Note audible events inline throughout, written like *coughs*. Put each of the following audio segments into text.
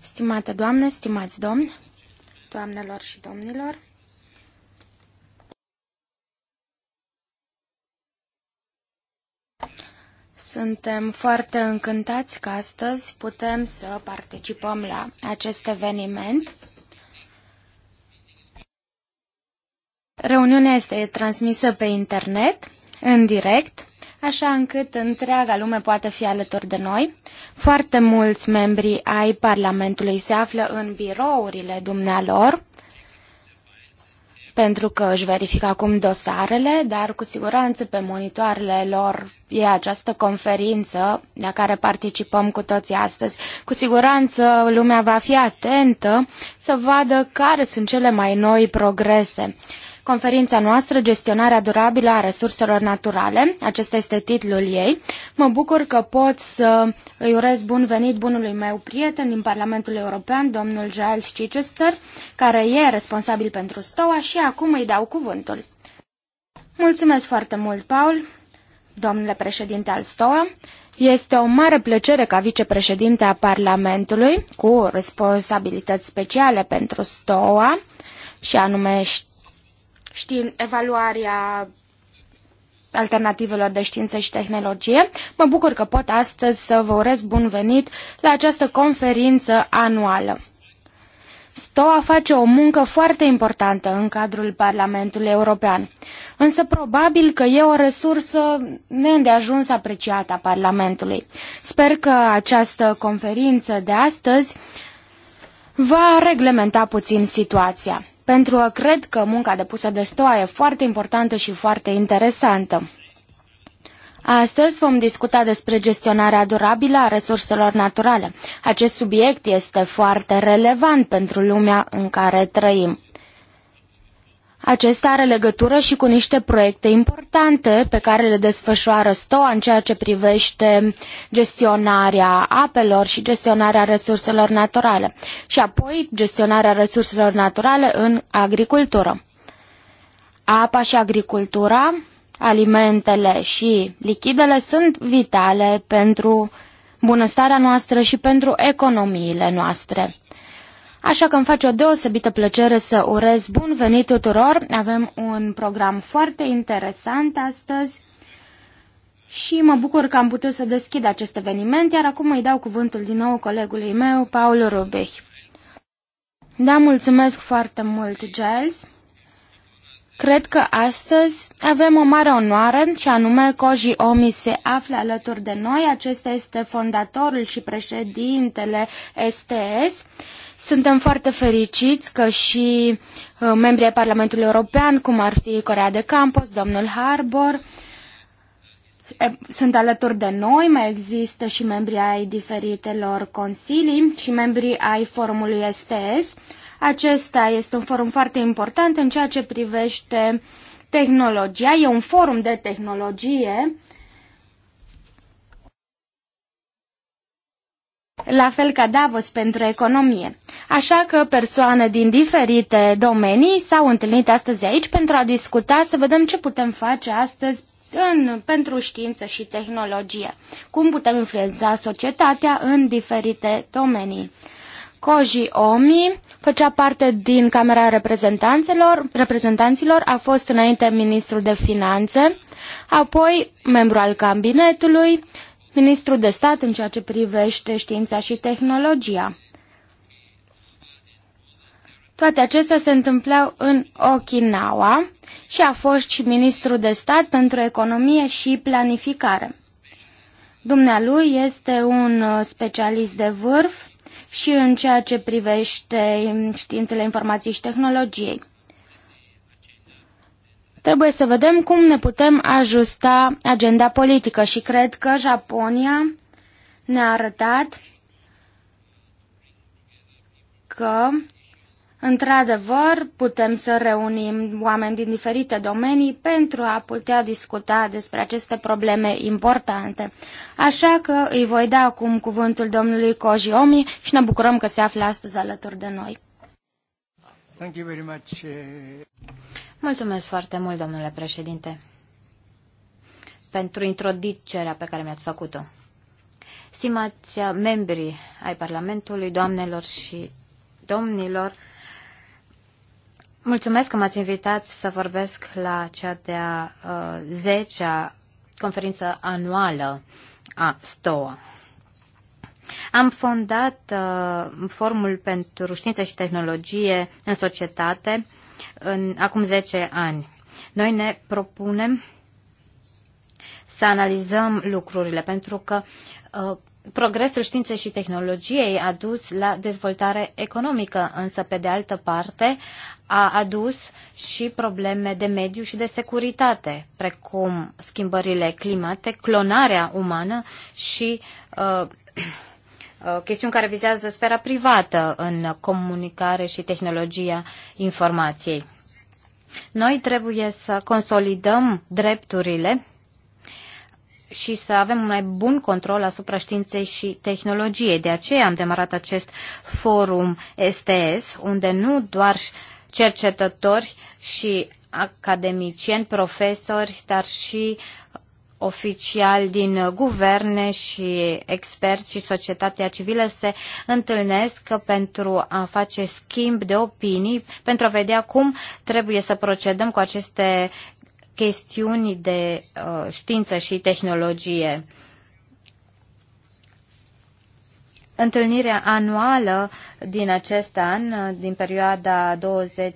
Stimate doamne, stimați domni, doamnelor și domnilor, Suntem foarte încântați că astăzi putem să participăm la acest eveniment. Reuniunea este transmisă pe internet, în direct așa încât întreaga lume poate fi alături de noi. Foarte mulți membri ai Parlamentului se află în birourile dumnealor pentru că își verifică acum dosarele, dar cu siguranță pe monitoarele lor e această conferință la care participăm cu toții astăzi. Cu siguranță lumea va fi atentă să vadă care sunt cele mai noi progrese conferința noastră Gestionarea durabilă a resurselor naturale. Acesta este titlul ei. Mă bucur că pot să îi urez bun venit bunului meu prieten din Parlamentul European, domnul Giles Chichester, care e responsabil pentru STOA și acum îi dau cuvântul. Mulțumesc foarte mult, Paul, domnule președinte al STOA. Este o mare plăcere ca vicepreședinte a Parlamentului, cu responsabilități speciale pentru STOA, și anume știin, evaluarea alternativelor de știință și tehnologie. Mă bucur că pot astăzi să vă urez bun venit la această conferință anuală. STOA face o muncă foarte importantă în cadrul Parlamentului European, însă probabil că e o resursă neîndeajuns apreciată a Parlamentului. Sper că această conferință de astăzi va reglementa puțin situația pentru că cred că munca depusă de STOA e foarte importantă și foarte interesantă. Astăzi vom discuta despre gestionarea durabilă a resurselor naturale. Acest subiect este foarte relevant pentru lumea în care trăim. Acesta are legătură și cu niște proiecte importante pe care le desfășoară STOA în ceea ce privește gestionarea apelor și gestionarea resurselor naturale și apoi gestionarea resurselor naturale în agricultură. Apa și agricultura, alimentele și lichidele sunt vitale pentru bunăstarea noastră și pentru economiile noastre. Așa că îmi face o deosebită plăcere să urez bun venit tuturor. Avem un program foarte interesant astăzi și mă bucur că am putut să deschid acest eveniment, iar acum îi dau cuvântul din nou colegului meu, Paul Rubich. Da, mulțumesc foarte mult, Giles. Cred că astăzi avem o mare onoare și anume Koji Omi se află alături de noi. Acesta este fondatorul și președintele STS. Suntem foarte fericiți că și uh, membrii Parlamentului European, cum ar fi Corea de Campos, domnul Harbour, sunt alături de noi, mai există și membrii ai diferitelor consilii și membrii ai forumului STS. Acesta este un forum foarte important în ceea ce privește tehnologia. E un forum de tehnologie. la fel ca Davos pentru economie. Așa că persoane din diferite domenii s-au întâlnit astăzi aici pentru a discuta, să vedem ce putem face astăzi în, pentru știință și tehnologie. Cum putem influența societatea în diferite domenii. Koji Omi făcea parte din Camera Reprezentanților, reprezentanților a fost înainte ministru de finanțe, apoi membru al cabinetului, ministru de stat în ceea ce privește știința și tehnologia. Toate acestea se întâmplau în Okinawa și a fost și ministru de stat pentru economie și planificare. Dumnealui este un uh, specialist de vârf și în ceea ce privește științele informației și tehnologiei. Trebuie să vedem cum ne putem ajusta agenda politică și cred că Japonia ne-a arătat că Într-adevăr, putem să reunim oameni din diferite domenii pentru a putea discuta despre aceste probleme importante. Așa că îi voi da acum cuvântul domnului Kojiomi și ne bucurăm că se află astăzi alături de noi. Thank you very much. Eh. Mulțumesc foarte mult, domnule președinte, pentru introducerea pe care mi-ați făcut-o. Stimați membrii ai Parlamentului, doamnelor și domnilor, Mulțumesc că m-ați invitat să vorbesc la cea de-a uh, 10-a conferință anuală a STOA. Am fondat uh, Formul pentru Știință și Tehnologie în Societate în, acum 10 ani. Noi ne propunem să analizăm lucrurile, pentru că uh, progresul științei și tehnologiei a dus la dezvoltare economică, însă, pe de altă parte, a adus și probleme de mediu și de securitate, precum schimbările climate, clonarea umană și uh, *clears throat* uh, chestiuni care vizează sfera privată în comunicare și tehnologia informației. Noi trebuie să consolidăm drepturile și să avem un mai bun control asupra științei și tehnologiei. De aceea am demarat acest forum STS, unde nu doar cercetători și academicieni, profesori, dar și oficial din guverne și experți și societatea civilă se întâlnesc pentru a face schimb de opinii, pentru a vedea cum trebuie să procedăm cu aceste chestiuni de uh, știință și tehnologie. Întâlnirea anuală din acest an, uh, din perioada 20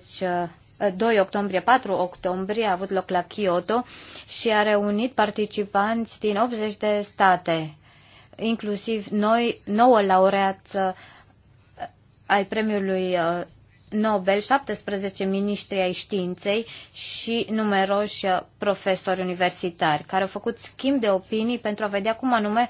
2 uh, octombrie, 4 octombrie a avut loc la Kyoto și a reunit participanți din 80 de state, inclusiv noi, nouă laureați uh, ai premiului Nobel, 17 miniștri ai științei și numeroși uh, profesori universitari, care au făcut schimb de opinii pentru a vedea cum anume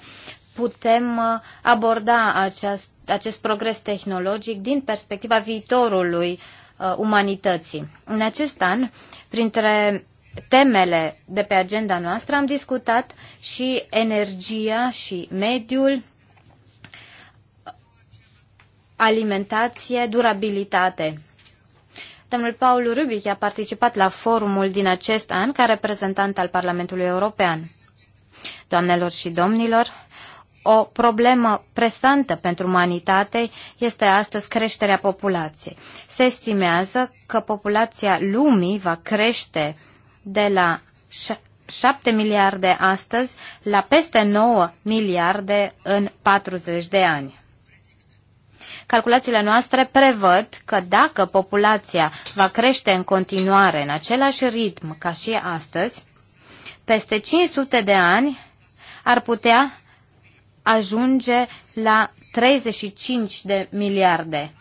putem uh, aborda aceast, acest progres tehnologic din perspectiva viitorului uh, umanității. În acest an, printre temele de pe agenda noastră, am discutat și energia și mediul, alimentație, durabilitate. Domnul Paul Rubic a participat la forumul din acest an ca reprezentant al Parlamentului European. Doamnelor și domnilor, o problemă presantă pentru umanitate este astăzi creșterea populației. Se estimează că populația lumii va crește de la 7 miliarde astăzi la peste 9 miliarde în 40 de ani. Calculațiile noastre prevăd că dacă populația va crește în continuare în același ritm ca și astăzi, peste 500 de ani ar putea ajunge la 35 de miliarde.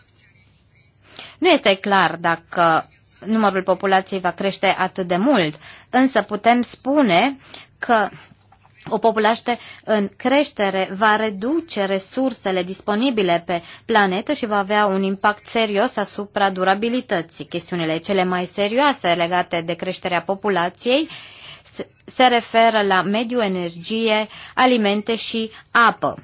Nu este clar dacă numărul populației va crește atât de mult, însă putem spune că o populație în creștere va reduce resursele disponibile pe planetă și va avea un impact serios asupra durabilității. Chestiunile cele mai serioase legate de creșterea populației se referă la mediu, energie, alimente și apă.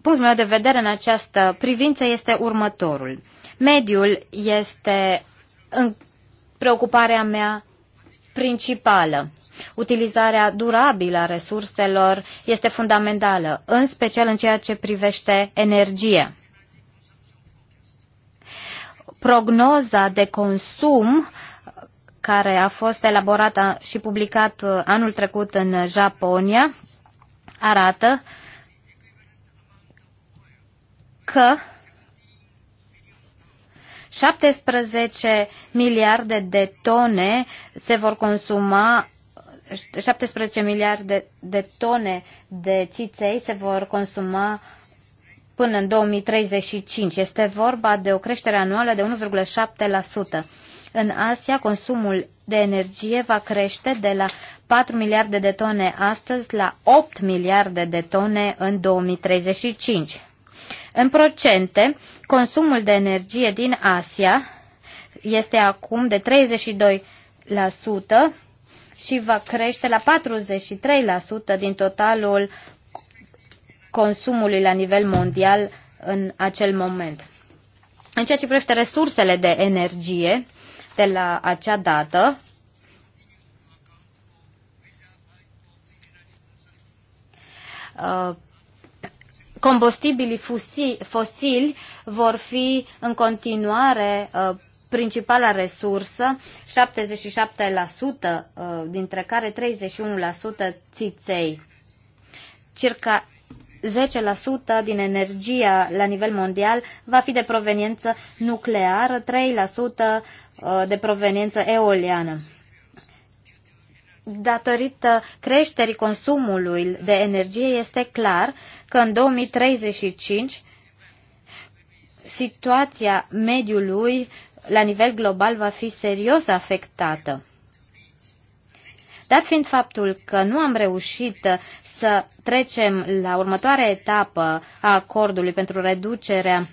Punctul meu de vedere în această privință este următorul. Mediul este în preocuparea mea principală. Utilizarea durabilă a resurselor este fundamentală, în special în ceea ce privește energie. Prognoza de consum care a fost elaborată și publicată uh, anul trecut în Japonia arată că 17 miliarde de tone se vor consuma 17 miliarde de tone de țiței se vor consuma până în 2035. Este vorba de o creștere anuală de 1,7%. În Asia, consumul de energie va crește de la 4 miliarde de tone astăzi la 8 miliarde de tone în 2035. În procente, consumul de energie din Asia este acum de 32% și va crește la 43% din totalul consumului la nivel mondial în acel moment. În ceea ce privește resursele de energie de la acea dată, uh, combustibilii fosili vor fi în continuare uh, principala resursă, 77% uh, dintre care 31% țiței. Circa 10% din energia la nivel mondial va fi de proveniență nucleară, 3% uh, de proveniență eoliană datorită creșterii consumului de energie, este clar că în 2035 situația mediului la nivel global va fi serios afectată. Dat fiind faptul că nu am reușit să trecem la următoarea etapă a acordului pentru reducerea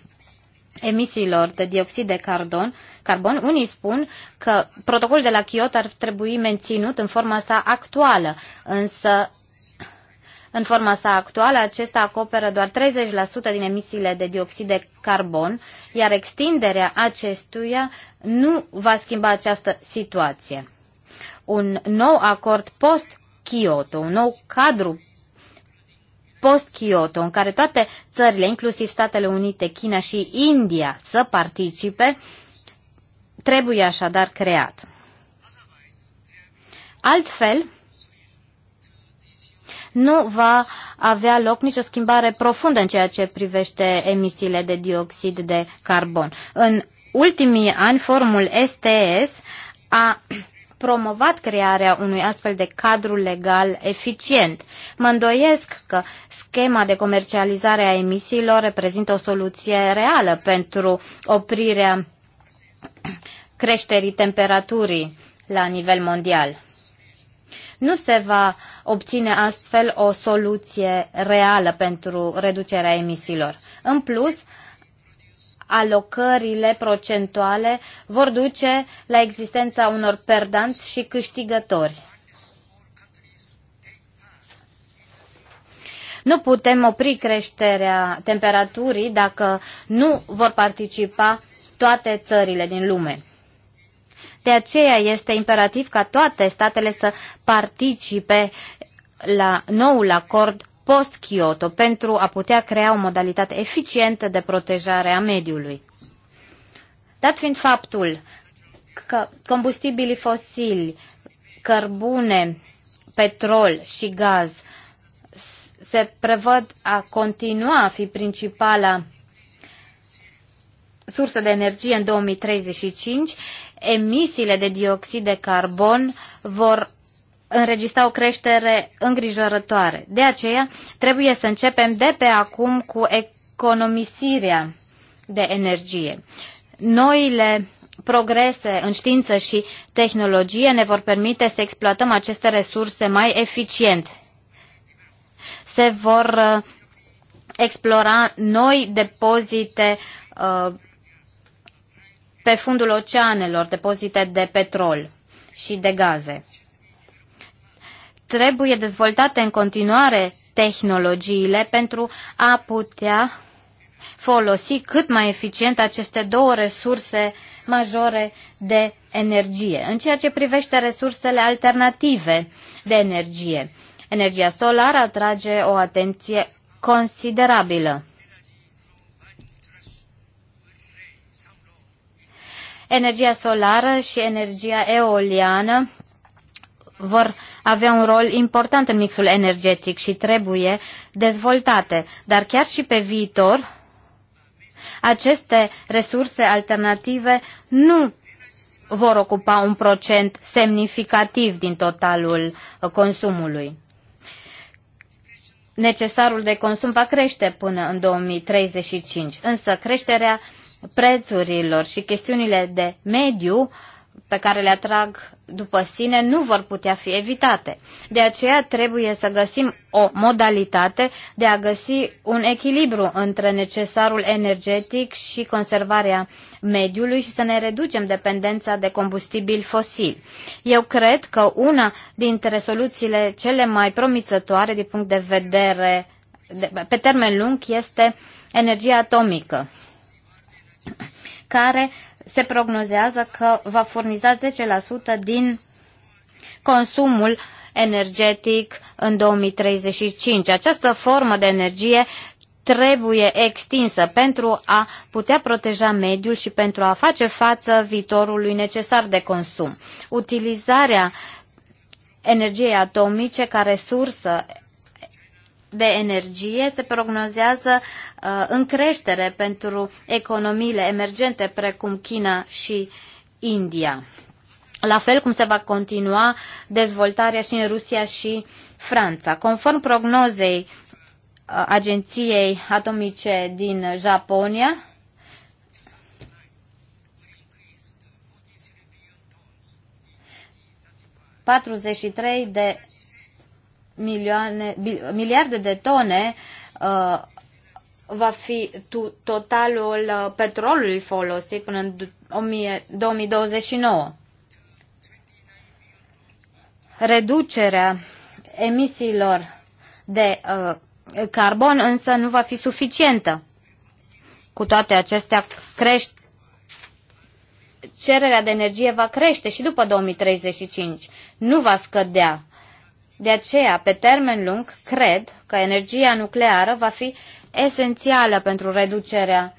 emisiilor de dioxid de carbon, carbon. Unii spun că protocolul de la Kyoto ar trebui menținut în forma sa actuală, însă în forma sa actuală, acesta acoperă doar 30% din emisiile de dioxid de carbon, iar extinderea acestuia nu va schimba această situație. Un nou acord post-Kyoto, un nou cadru post-Kyoto, în care toate țările, inclusiv Statele Unite, China și India, să participe, uh, trebuie așadar creat. Altfel, nu va avea loc nicio schimbare profundă în ceea ce privește emisiile de dioxid de carbon. În ultimii ani, formul STS a promovat crearea unui astfel de cadru legal eficient. Mă îndoiesc că schema de comercializare a emisiilor reprezintă o soluție reală pentru oprirea creșterii temperaturii la nivel mondial. Nu se va obține astfel o soluție reală pentru reducerea emisiilor. În plus, alocările procentuale vor duce la existența unor perdanți și câștigători. Nu putem opri creșterea temperaturii dacă nu vor participa toate țările din lume. De aceea este imperativ ca toate statele să participe la noul acord post-Kyoto pentru a putea crea o modalitate eficientă de protejare a mediului. Dat fiind faptul că combustibilii fosili, cărbune, petrol și gaz se prevăd a continua a fi principala sursă de energie în 2035, emisiile de dioxid de carbon vor înregistra o creștere îngrijorătoare. De aceea, trebuie să începem de pe acum cu economisirea de energie. Noile progrese în știință și tehnologie ne vor permite să exploatăm aceste resurse mai eficient. Se vor uh, explora noi depozite uh, pe fundul oceanelor depozite de petrol și de gaze. Trebuie dezvoltate în continuare tehnologiile pentru a putea folosi cât mai eficient aceste două resurse majore de energie. În ceea ce privește resursele alternative de energie, energia solară atrage o atenție considerabilă. energia solară și energia eoliană vor avea un rol important în mixul energetic și trebuie dezvoltate. Dar chiar și pe viitor, aceste resurse alternative nu vor ocupa un procent semnificativ din totalul consumului. Necesarul de consum va crește până în 2035, însă creșterea prețurilor și chestiunile de mediu pe care le atrag după sine nu vor putea fi evitate. De aceea trebuie să găsim o modalitate de a găsi un echilibru între necesarul energetic și conservarea mediului și să ne reducem dependența de combustibili fosili. Eu cred că una dintre soluțiile cele mai promițătoare din punct de vedere de, pe termen lung este energia atomică care se prognozează că va furniza 10% din consumul energetic în 2035. Această formă de energie trebuie extinsă pentru a putea proteja mediul și pentru a face față viitorului necesar de consum. Utilizarea energiei atomice ca resursă de energie se prognozează uh, în creștere pentru economiile emergente precum China și India. La fel cum se va continua dezvoltarea și în Rusia și Franța. Conform prognozei uh, Agenției Atomice din Japonia, ...43 de milioane, miliarde de tone uh, va fi totalul uh, petrolului folosit până în 2029. Reducerea emisiilor de uh, carbon însă nu va fi suficientă. Cu toate acestea, crește cererea de energie va crește și după 2035. Nu va scădea. De aceea, pe termen lung, cred că energia nucleară va fi esențială pentru reducerea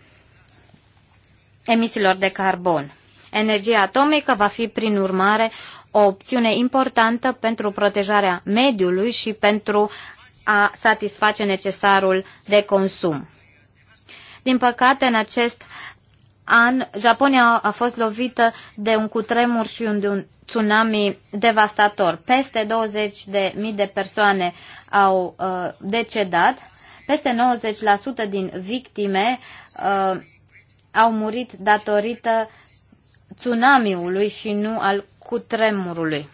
emisiilor de carbon. Energia atomică va fi, prin urmare, o opțiune importantă pentru protejarea mediului și pentru a satisface necesarul de consum. Din păcate, în acest an, Japonia a fost lovită de un cutremur și un, de un tsunami devastator. Peste 20.000 de, mii de persoane au uh, decedat, peste 90% din victime uh, au murit datorită tsunamiului și nu al cutremurului.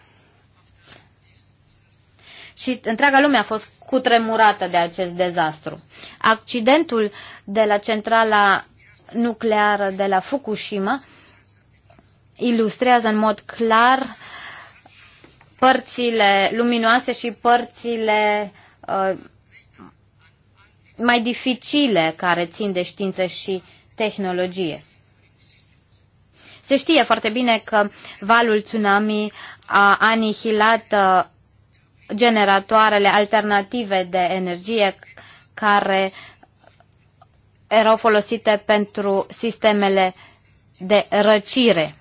Și întreaga lume a fost cutremurată de acest dezastru. Accidentul de la centrala nucleară de la Fukushima ilustrează în mod clar părțile luminoase și părțile uh, mai dificile care țin de știință și tehnologie. Se știe foarte bine că valul tsunami a anihilat uh, generatoarele alternative de energie care erau folosite pentru sistemele de răcire.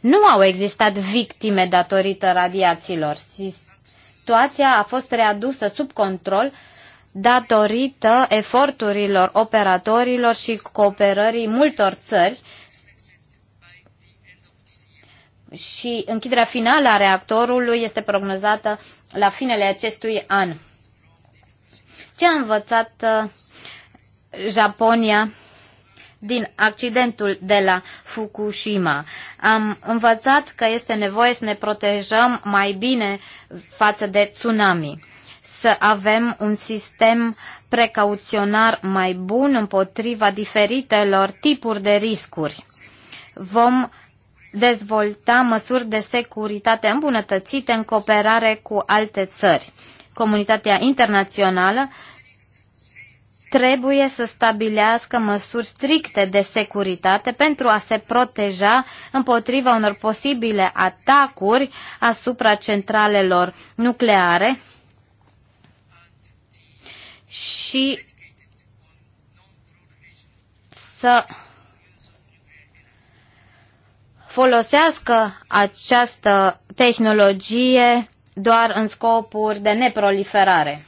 Nu au existat victime datorită radiațiilor. Situația a fost readusă sub control datorită eforturilor operatorilor și cooperării multor țări și închiderea finală a reactorului este prognozată la finele acestui an. Ce a învățat Japonia din accidentul de la Fukushima. Am învățat că este nevoie să ne protejăm mai bine față de tsunami, să avem un sistem precauționar mai bun împotriva diferitelor tipuri de riscuri. Vom dezvolta măsuri de securitate îmbunătățite în cooperare cu alte țări. Comunitatea internațională trebuie să stabilească măsuri stricte de securitate pentru a se proteja împotriva unor posibile atacuri asupra centralelor nucleare și să folosească această tehnologie doar în scopuri de neproliferare.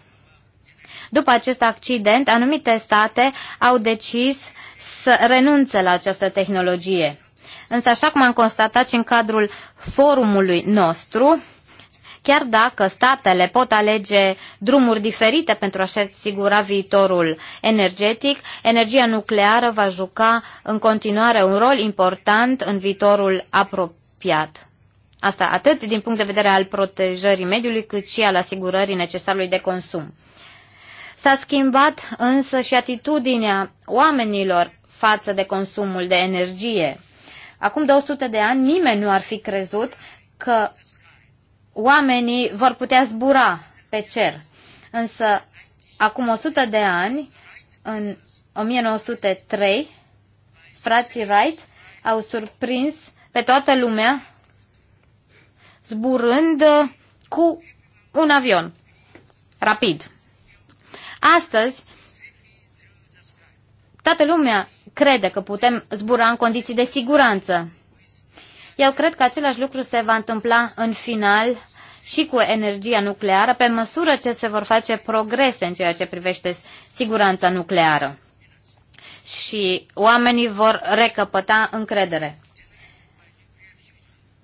După acest accident, anumite state au decis să renunțe la această tehnologie. Însă, așa cum am constatat și în cadrul forumului nostru, chiar dacă statele pot alege drumuri diferite pentru a-și asigura viitorul energetic, energia nucleară va juca în continuare un rol important în viitorul apropiat. Asta atât din punct de vedere al protejării mediului, cât și al asigurării necesarului de consum. S-a schimbat însă și atitudinea oamenilor față de consumul de energie. Acum 200 de ani nimeni nu ar fi crezut că oamenii vor putea zbura pe cer. Însă acum 100 de ani, în 1903, frații Wright au surprins pe toată lumea zburând cu un avion rapid. Astăzi, toată lumea crede că putem zbura în condiții de siguranță. Eu cred că același lucru se va întâmpla în final și cu energia nucleară pe măsură ce se vor face progrese în ceea ce privește siguranța nucleară. Și oamenii vor recăpăta încredere.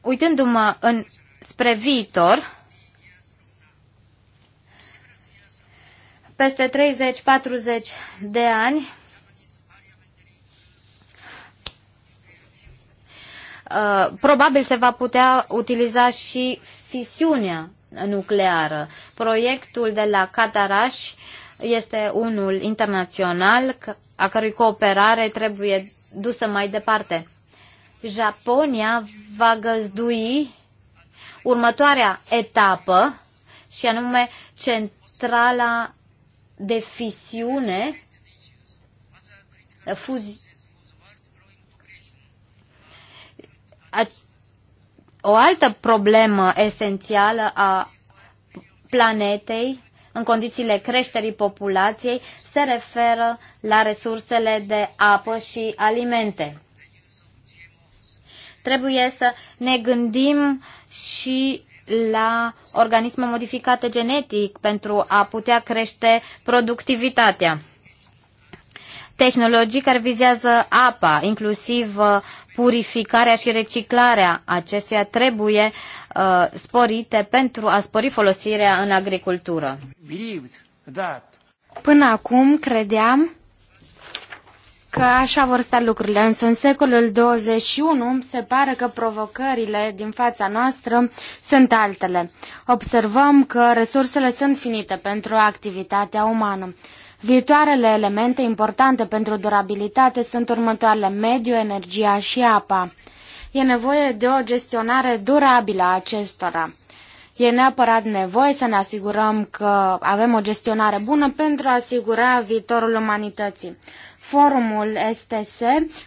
Uitându-mă în, spre viitor, peste 30-40 de ani uh, probabil se va putea utiliza și fisiunea nucleară. Proiectul de la Cataraș este unul internațional a cărui cooperare trebuie dusă mai departe. Japonia va găzdui următoarea etapă și anume centrala de fisiune, fuzi... O altă problemă esențială a planetei în condițiile creșterii populației se referă la resursele de apă și alimente. Trebuie să ne gândim și la organisme modificate genetic pentru a putea crește productivitatea. Tehnologii care vizează apa, inclusiv uh, purificarea și reciclarea acesteia trebuie uh, sporite pentru a spori folosirea în agricultură. Până acum credeam că așa vor sta lucrurile, însă în secolul 21 se pare că provocările din fața noastră sunt altele. Observăm că resursele sunt finite pentru activitatea umană. Viitoarele elemente importante pentru durabilitate sunt următoarele mediu, energia și apa. E nevoie de o gestionare durabilă a acestora. E neapărat nevoie să ne asigurăm că avem o gestionare bună pentru a asigura viitorul umanității. Forumul STS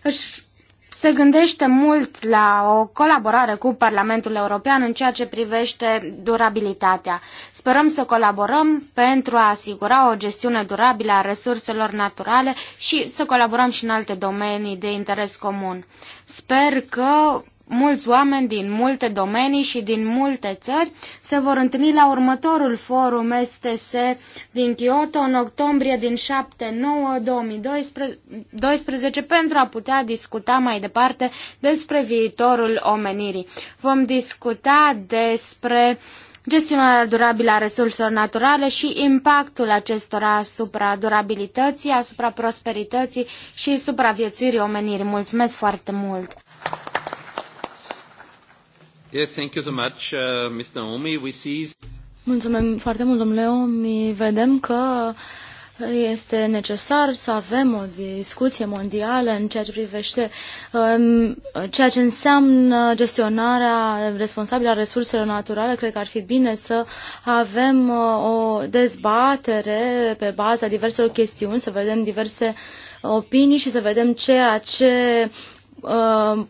își se gândește mult la o colaborare cu Parlamentul European în ceea ce privește durabilitatea. Sperăm să colaborăm pentru a asigura o gestiune durabilă a resurselor naturale și să colaborăm și în alte domenii de interes comun. Sper că mulți oameni din multe domenii și din multe țări se vor întâlni la următorul forum STS din Kyoto în octombrie din 7-9-2012 pentru a putea discuta mai departe despre viitorul omenirii. Vom discuta despre gestionarea durabilă a resurselor naturale și impactul acestora asupra durabilității, asupra prosperității și supraviețuirii omenirii. Mulțumesc foarte mult! Yes, thank you so much, uh, Mr. Omi. We see... Mulțumim foarte mult, domnule Omi. Vedem că este necesar să avem o discuție mondială în ceea ce privește um, ceea ce înseamnă gestionarea responsabilă a resurselor naturale. Cred că ar fi bine să avem uh, o dezbatere pe baza diverselor chestiuni, să vedem diverse opinii și să vedem ceea ce uh,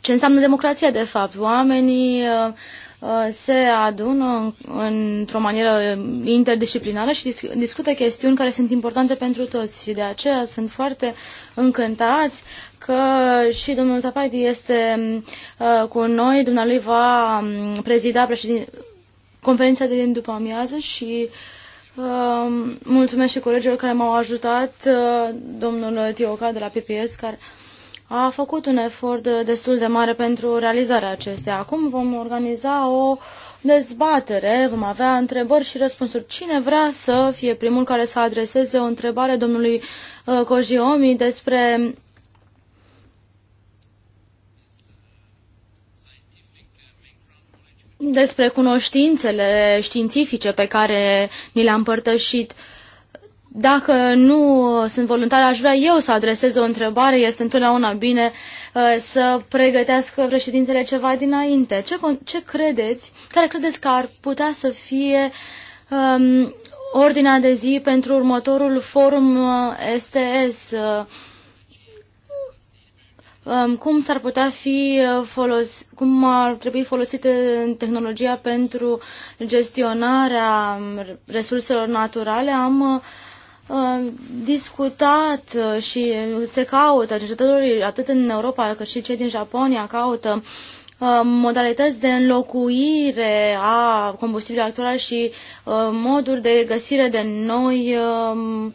ce înseamnă democrația, de fapt. Oamenii uh, uh, se adună într-o manieră interdisciplinară și discută chestiuni care sunt importante pentru toți. Și de aceea sunt foarte încântați că și domnul Tapaiti este uh, cu noi, dumnealui va um, prezida președin... conferința de din după amiază și mulțumesc și colegilor care m-au ajutat, domnul Tioca de la PPS, care a făcut un efort destul de mare pentru realizarea acestea. Acum vom organiza o dezbatere, vom avea întrebări și răspunsuri. Cine vrea să fie primul care să adreseze o întrebare domnului uh, Cojiomi despre despre cunoștințele științifice pe care ni le-a împărtășit uh, dacă nu sunt voluntar, aș vrea eu să adresez o întrebare. Este întotdeauna bine uh, să pregătească președintele ceva dinainte. Ce, ce credeți, care credeți că ar putea să fie um, ordinea de zi pentru următorul forum STS? Uh, uh, um, cum s-ar putea fi folos, cum ar trebui folosită tehnologia pentru gestionarea um, resurselor naturale? Am uh, Uh, discutat uh, și se caută cercetătorii atât în Europa cât și cei din Japonia caută uh, modalități de înlocuire a combustibilului actual și moduri de găsire de noi um,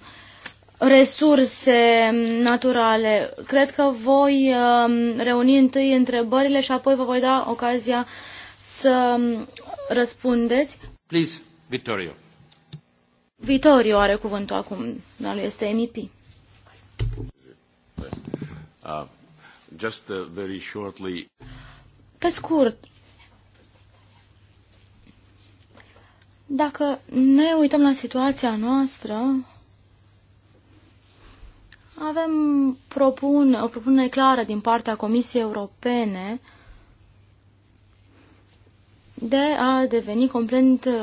resurse naturale. Cred că voi um, reuni întâi întrebările și apoi vă voi da ocazia să um, răspundeți. Please, Vittorio. Vitorio are cuvântul acum, dar lui este MEP. Uh, just uh, very shortly. Pe scurt, dacă ne uităm la situația noastră, avem propun, o propunere clară din partea Comisiei Europene uh, de a deveni complet uh,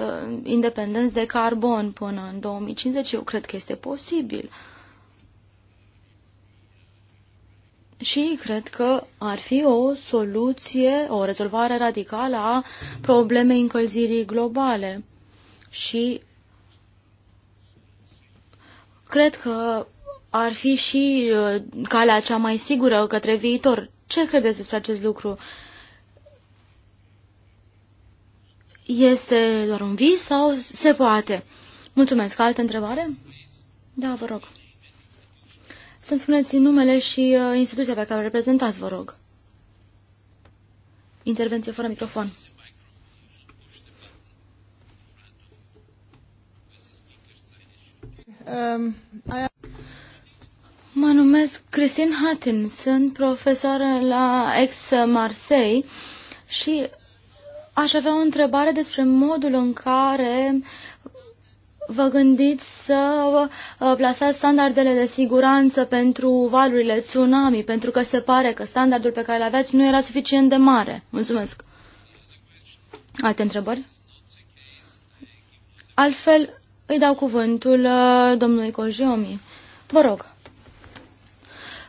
independenți de carbon până în 2050, eu cred că este posibil. Și cred că ar fi o soluție, o rezolvare radicală a problemei încălzirii globale. Și cred că ar fi și uh, calea cea mai sigură către viitor. Ce credeți despre acest lucru? Este doar un vis sau se poate? Mulțumesc. Altă întrebare? Da, vă rog. Să-mi spuneți numele și uh, instituția pe care o reprezentați, vă rog. Intervenție fără microfon. Um, mă numesc Christine Hattin, sunt profesoară la Ex-Marseille și Aș avea o întrebare despre modul în care vă gândiți să uh, plasați standardele de siguranță pentru valurile tsunami, pentru că se pare că standardul pe care îl aveați nu era suficient de mare. Mulțumesc. Alte întrebări? Altfel, îi dau cuvântul uh, domnului Cojiomi. Vă rog.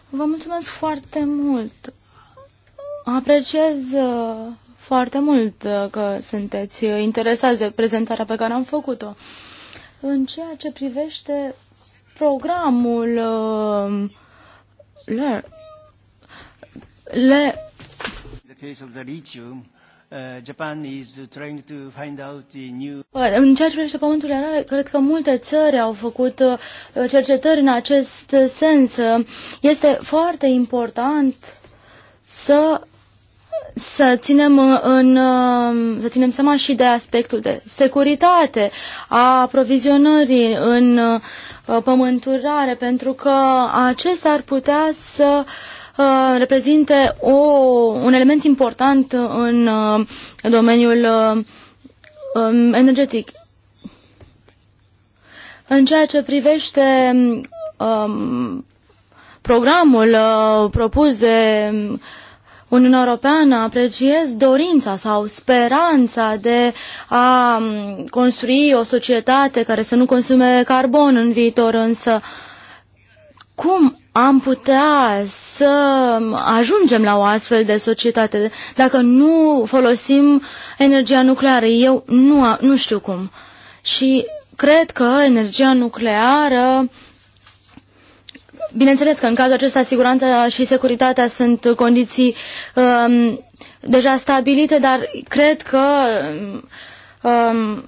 Vă mulțumesc foarte mult. Apreciez uh, foarte mult uh, că sunteți uh, interesați de prezentarea pe care am făcut-o. În ceea ce privește programul uh, le, le în ceea ce privește pământul aral, cred că multe țări au făcut cercetări în acest sens. Este foarte important să să ținem, în, um, să ținem seama și de aspectul de securitate a aprovizionării în uh, pământurare, pentru că acesta ar putea să uh, reprezinte o, un element important în uh, domeniul um, energetic. În ceea ce privește um, programul uh, propus de um, Uniunea Europeană, apreciez dorința sau speranța de a construi o societate care să nu consume carbon în viitor, însă cum am putea să ajungem la o astfel de societate dacă nu folosim energia nucleară? Eu nu, nu știu cum. Și cred că energia nucleară uh, Bineînțeles că în cazul acesta siguranța și securitatea sunt condiții um, deja stabilite, dar cred că um,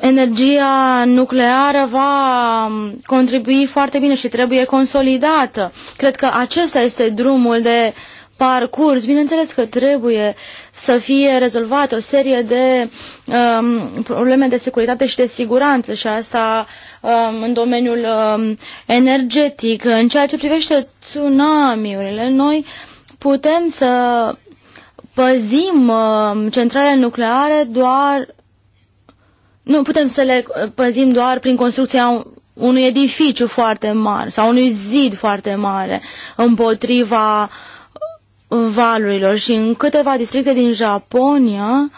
energia nucleară va um, contribui foarte bine și trebuie consolidată. Cred că acesta este drumul de uh, parcurs. Bineînțeles că trebuie să fie rezolvată o serie de um, probleme de securitate și de siguranță și asta um, în domeniul um, energetic. În ceea ce privește tsunamiurile, noi putem să păzim um, centrale nucleare doar nu putem să le uh, păzim doar prin construcția unui edificiu foarte mare sau unui zid foarte mare împotriva valurilor și în câteva districte din Japonia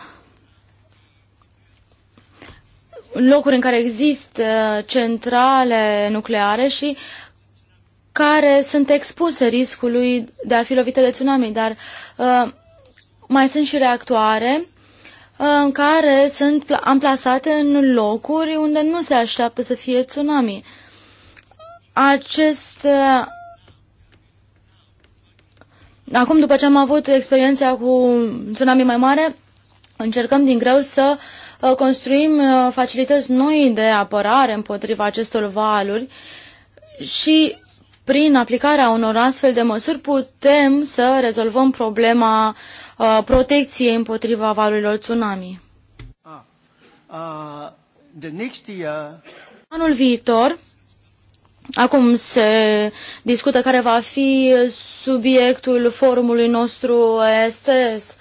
locuri în care există centrale nucleare și care sunt expuse riscului de a fi lovite de tsunami, dar uh, mai sunt și reactoare uh, care sunt amplasate în locuri unde nu se așteaptă să fie tsunami. Acest uh, Acum, după ce am avut experiența cu tsunami mai mare, încercăm din greu să uh, construim uh, facilități noi de apărare împotriva acestor valuri și prin aplicarea unor astfel de măsuri putem să rezolvăm problema uh, protecției împotriva valurilor tsunami. Ah, uh, the next year... Anul viitor, Acum se discută care va fi subiectul forumului nostru STS.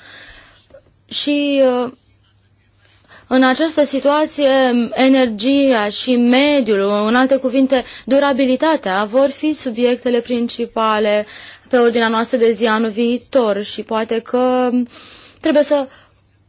Și uh, în această situație, energia și mediul, în alte cuvinte, durabilitatea, vor fi subiectele principale pe ordinea noastră de zi anul viitor și poate că trebuie să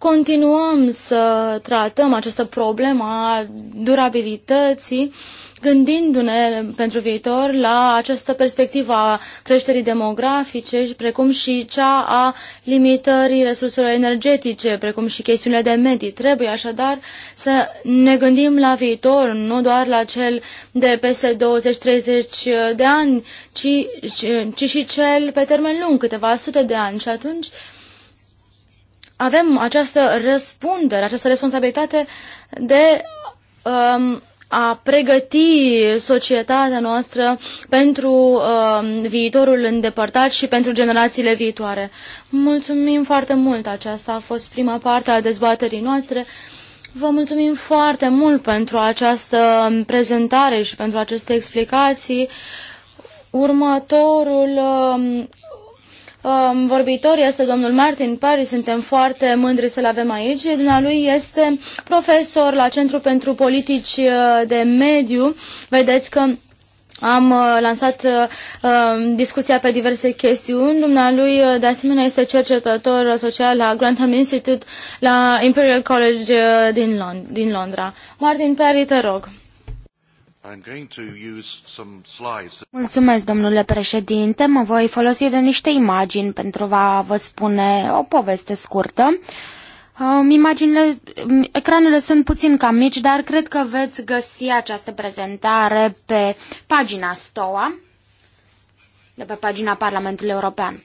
continuăm să tratăm această problemă a durabilității, gândindu-ne pentru viitor la această perspectivă a creșterii demografice, precum și cea a limitării resurselor energetice, precum și chestiunile de medii. Trebuie așadar să ne gândim la viitor, nu doar la cel de peste 20-30 de ani, ci, ci, ci și cel pe termen lung, câteva sute de ani. Și atunci avem această răspundere, această responsabilitate de um, a pregăti societatea noastră pentru um, viitorul îndepărtat și pentru generațiile viitoare. Mulțumim foarte mult, aceasta a fost prima parte a dezbaterii noastre. Vă mulțumim foarte mult pentru această prezentare și pentru aceste explicații. Următorul uh, um, vorbitor este domnul Martin Paris, suntem foarte mândri să-l avem aici. Dumnealui este profesor la Centru pentru Politici uh, de Mediu. Vedeți că am uh, lansat uh, um, discuția pe diverse chestiuni. Dumnealui, de asemenea, este cercetător social la Grantham Institute la Imperial College din, Lond- din Londra. Martin Paris, te rog. Mulțumesc, domnule președinte. Mă voi folosi de niște imagini pentru a vă spune o poveste scurtă. Imaginile, ecranele sunt puțin cam mici, dar cred că veți găsi această prezentare pe pagina STOA, de pe pagina Parlamentului European.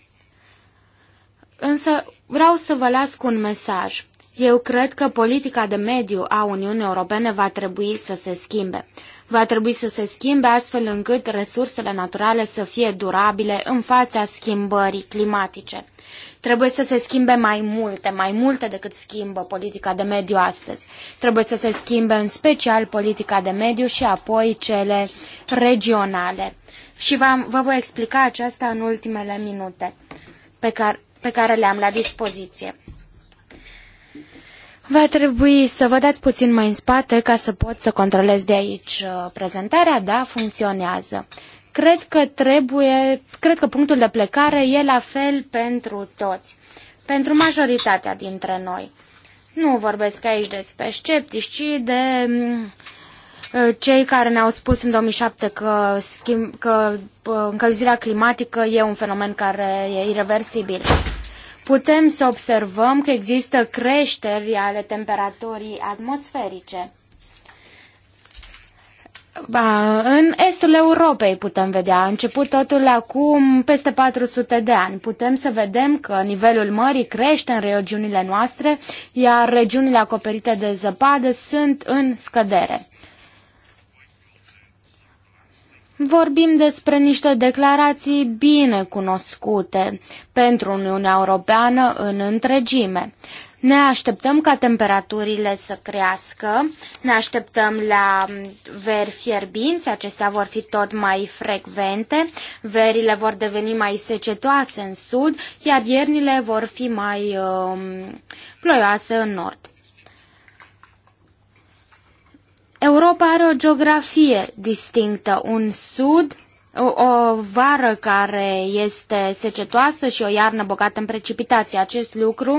Însă vreau să vă las cu un mesaj. Eu cred că politica de mediu a Uniunii Europene va trebui să se schimbe. Va trebui să se schimbe astfel încât resursele naturale să fie durabile în fața schimbării climatice. Trebuie să se schimbe mai multe, mai multe decât schimbă politica de mediu astăzi. Trebuie să se schimbe în special politica de mediu și apoi cele regionale. Și vă voi explica aceasta în ultimele minute pe care, pe care le-am la dispoziție. Va trebui să vă dați puțin mai în spate ca să pot să controlez de aici uh, prezentarea. Da, funcționează. Cred că trebuie, cred că punctul de plecare e la fel pentru toți, pentru majoritatea dintre noi. Nu vorbesc aici despre sceptici, ci de mm, uh, cei care ne-au spus în 2007 că, schimb, că uh, încălzirea climatică e un fenomen care e irreversibil putem să observăm că există creșteri ale temperaturii atmosferice. Ba, în estul Europei putem vedea. A început totul acum peste 400 de ani. Putem să vedem că nivelul mării crește în regiunile noastre, iar regiunile acoperite de zăpadă sunt în scădere. Vorbim despre niște declarații bine cunoscute pentru Uniunea Europeană în întregime. Ne așteptăm ca temperaturile să crească, ne așteptăm la veri fierbinți, acestea vor fi tot mai frecvente, verile vor deveni mai secetoase în sud, iar iernile vor fi mai uh, ploioase în nord. Europa are o geografie distinctă, un sud, o, o vară care este secetoasă și o iarnă bogată în precipitații. Acest lucru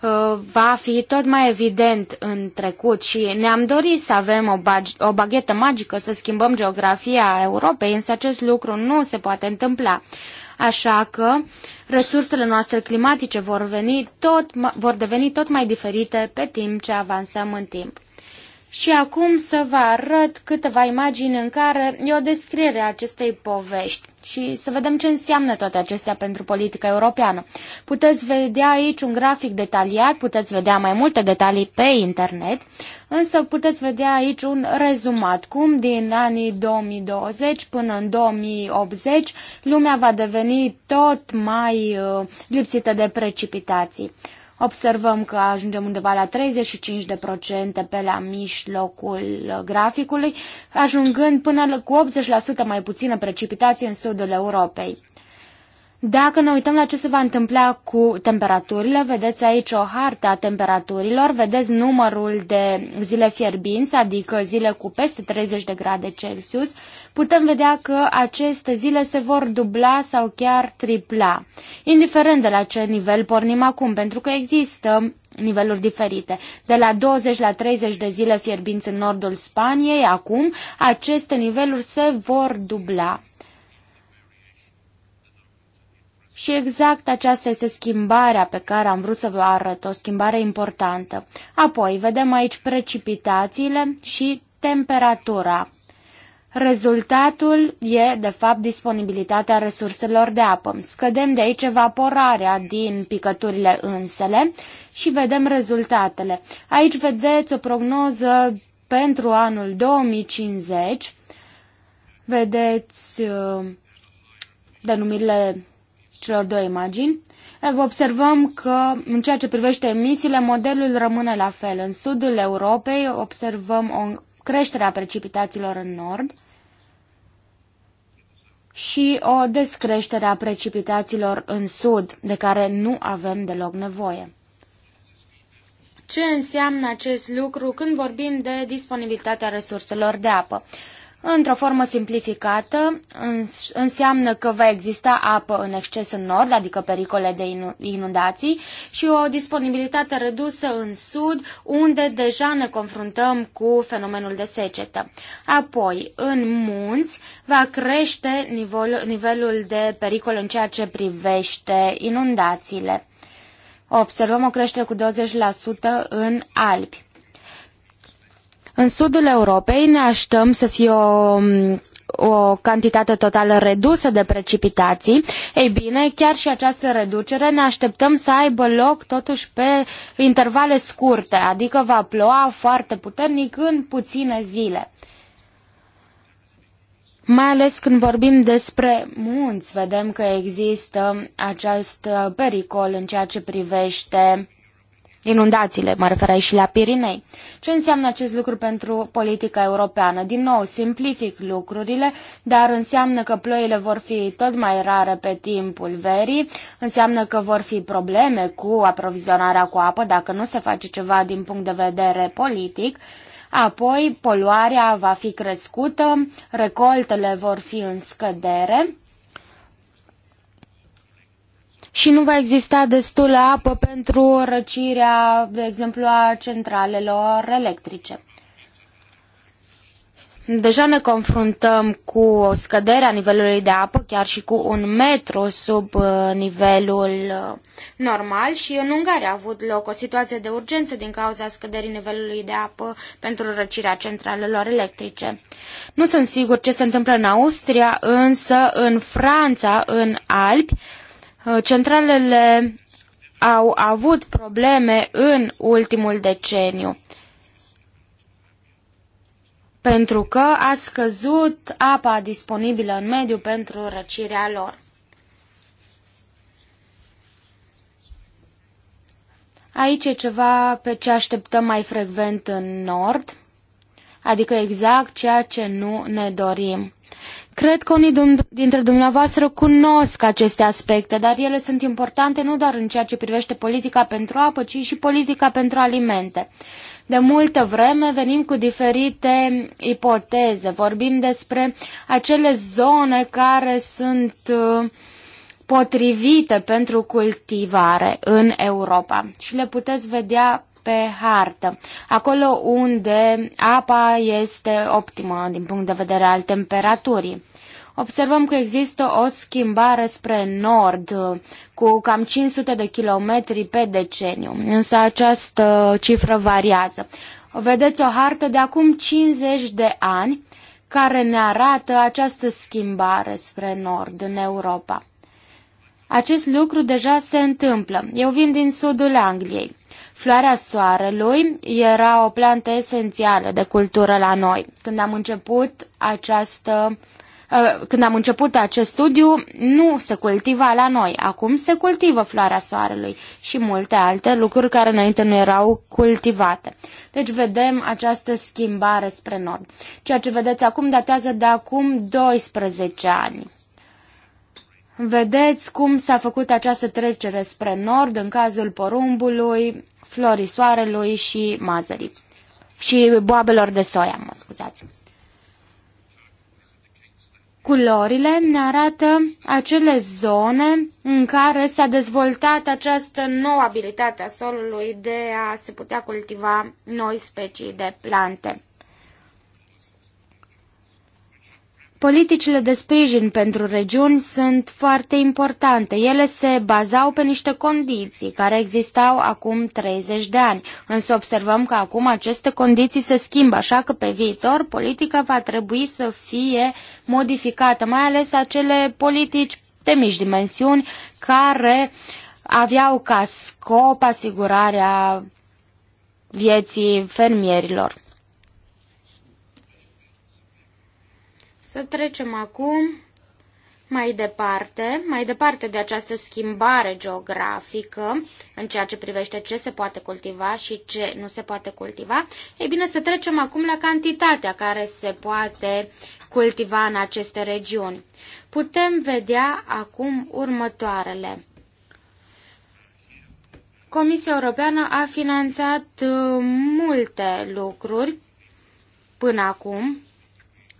uh, va fi tot mai evident în trecut și ne-am dorit să avem o, bag- o baghetă magică, să schimbăm geografia Europei, însă acest lucru nu se poate întâmpla. Așa că resursele noastre climatice vor, veni tot, vor deveni tot mai diferite pe timp ce avansăm în timp. Și acum să vă arăt câteva imagini în care e o descriere a acestei povești și să vedem ce înseamnă toate acestea pentru politica europeană. Puteți vedea aici un grafic detaliat, puteți vedea mai multe detalii pe internet, însă puteți vedea aici un rezumat cum din anii 2020 până în 2080 lumea va deveni tot mai uh, lipsită de precipitații. Observăm că ajungem undeva la 35% pe la mijlocul graficului, ajungând până cu 80% mai puțină precipitație în sudul Europei. Dacă ne uităm la ce se va întâmpla cu temperaturile, vedeți aici o hartă a temperaturilor, vedeți numărul de zile fierbinți, adică zile cu peste 30 de grade Celsius, putem vedea că aceste zile se vor dubla sau chiar tripla, indiferent de la ce nivel pornim acum, pentru că există niveluri diferite. De la 20 la 30 de zile fierbinți în nordul Spaniei, acum, aceste niveluri se vor dubla. Și exact aceasta este schimbarea pe care am vrut să vă arăt, o schimbare importantă. Apoi, vedem aici precipitațiile și temperatura. Rezultatul e, de fapt, disponibilitatea resurselor de apă. Scădem de aici evaporarea din picăturile însele și vedem rezultatele. Aici vedeți o prognoză pentru anul 2050. Vedeți uh, denumirile celor două imagini. Observăm că, în ceea ce privește emisiile, modelul rămâne la fel. În sudul Europei observăm o creșterea precipitațiilor în nord și o descreștere a precipitațiilor în sud, de care nu avem deloc nevoie. Ce înseamnă acest lucru când vorbim de disponibilitatea resurselor de apă? Într-o formă simplificată, înseamnă că va exista apă în exces în nord, adică pericole de inundații, și o disponibilitate redusă în sud, unde deja ne confruntăm cu fenomenul de secetă. Apoi, în munți, va crește nivelul, nivelul de pericol în ceea ce privește inundațiile. Observăm o creștere cu 20% în Alpi. În sudul Europei ne așteptăm să fie o o cantitate totală redusă de precipitații, ei bine, chiar și această reducere ne așteptăm să aibă loc totuși pe intervale scurte, adică va ploua foarte puternic în puține zile. Mai ales când vorbim despre munți, vedem că există acest pericol în ceea ce privește inundațiile, mă refer aici și la Pirinei. Ce înseamnă acest lucru pentru politica europeană? Din nou, simplific lucrurile, dar înseamnă că ploile vor fi tot mai rare pe timpul verii, înseamnă că vor fi probleme cu aprovizionarea cu apă dacă nu se face ceva din punct de vedere politic, apoi poluarea va fi crescută, recoltele vor fi în scădere și nu va exista destulă apă pentru răcirea, de exemplu, a centralelor electrice. Deja ne confruntăm cu o scădere a nivelului de apă, chiar și cu un metru sub uh, nivelul uh, normal și în Ungaria a avut loc o situație de urgență din cauza scăderii nivelului de apă pentru răcirea centralelor electrice. Nu sunt sigur ce se întâmplă în Austria, însă în Franța, în Alpi, Uh, centralele au avut probleme în ultimul deceniu pentru că a scăzut apa disponibilă în mediu pentru răcirea lor. Aici e ceva pe ce așteptăm mai frecvent în nord, adică exact ceea ce nu ne dorim. Cred că unii dintre dumneavoastră cunosc aceste aspecte, dar ele sunt importante nu doar în ceea ce privește politica pentru apă, ci și politica pentru alimente. De multă vreme venim cu diferite ipoteze, vorbim despre acele zone care sunt uh, potrivite pentru cultivare în Europa și le puteți vedea pe hartă, acolo unde apa este optimă din punct de vedere al temperaturii. Observăm că există o schimbare spre nord cu cam 500 de kilometri pe deceniu, însă această cifră variază. Vedeți o hartă de acum 50 de ani care ne arată această schimbare spre nord în Europa. Acest lucru deja se întâmplă. Eu vin din sudul Angliei. Floarea soarelui era o plantă esențială de cultură la noi. Când am început această uh, când am început acest studiu, nu se cultiva la noi. Acum se cultivă floarea soarelui și multe alte lucruri care înainte nu erau cultivate. Deci vedem această schimbare spre nord. Ceea ce vedeți acum datează de acum 12 ani. Vedeți cum s-a făcut această trecere spre nord în cazul porumbului, florii soarelui și mazării și boabelor de soia, mă scuzați. Culorile ne arată acele zone în care s-a dezvoltat această nouă abilitate a solului de a se putea cultiva noi specii de plante. Politicile de sprijin pentru regiuni sunt foarte importante. Ele se bazau pe niște condiții care existau acum 30 de ani, însă observăm că acum aceste condiții se schimbă, așa că pe viitor politica va trebui să fie modificată, mai ales acele politici de mici dimensiuni care aveau ca scop asigurarea vieții fermierilor. Să trecem acum mai departe, mai departe de această schimbare geografică în ceea ce privește ce se poate cultiva și ce nu se poate cultiva, ei bine să trecem acum la cantitatea care se poate cultiva în aceste regiuni. Putem vedea acum următoarele. Comisia Europeană a finanțat uh, multe lucruri până acum,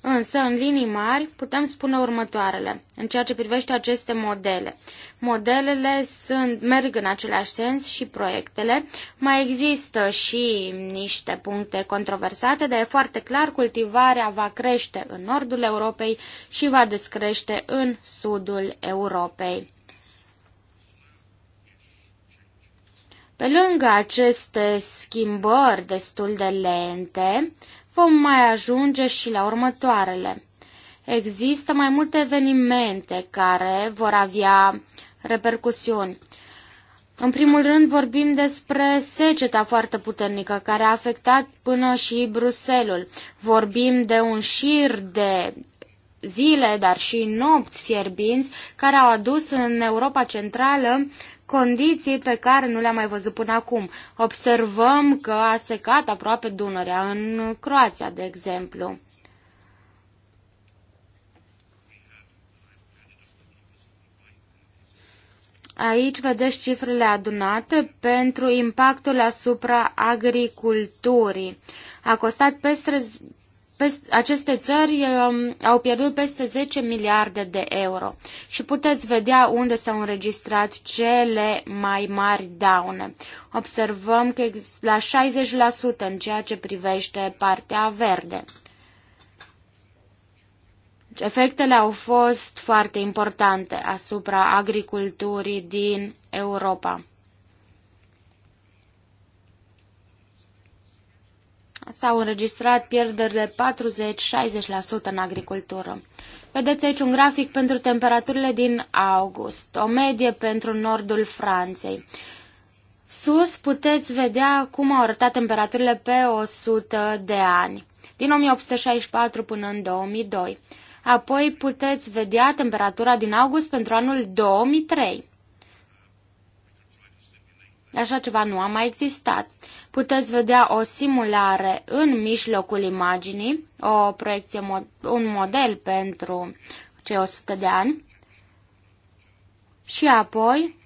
Însă, în linii mari, putem spune următoarele în ceea ce privește aceste modele. Modelele sunt, merg în același sens și proiectele. Mai există și niște puncte controversate, dar e foarte clar, cultivarea va crește în nordul Europei și va descrește în sudul Europei. Pe lângă aceste schimbări destul de lente, vom mai ajunge și la următoarele. Există mai multe evenimente care vor avea repercusiuni. În primul rând vorbim despre seceta foarte puternică care a afectat până și Bruselul. Vorbim de un șir de zile, dar și nopți fierbinți care au adus în Europa Centrală condiții pe care nu le-am mai văzut până acum. Observăm că a secat aproape Dunărea, în Croația, de exemplu. Aici vedeți cifrele adunate pentru impactul asupra agriculturii. A costat peste, aceste țări um, au pierdut peste 10 miliarde de euro și puteți vedea unde s-au înregistrat cele mai mari daune. Observăm că la 60% în ceea ce privește partea verde. Efectele au fost foarte importante asupra agriculturii din Europa. s-au înregistrat pierderi de 40-60% în agricultură. Vedeți aici un grafic pentru temperaturile din august, o medie pentru nordul Franței. Sus puteți vedea cum au arătat temperaturile pe 100 de ani, din 1864 până în 2002. Apoi puteți vedea temperatura din august pentru anul 2003. Așa ceva nu a mai existat. Puteți vedea o simulare în mijlocul imaginii, o proiecție, un model pentru cei 100 de ani. Și apoi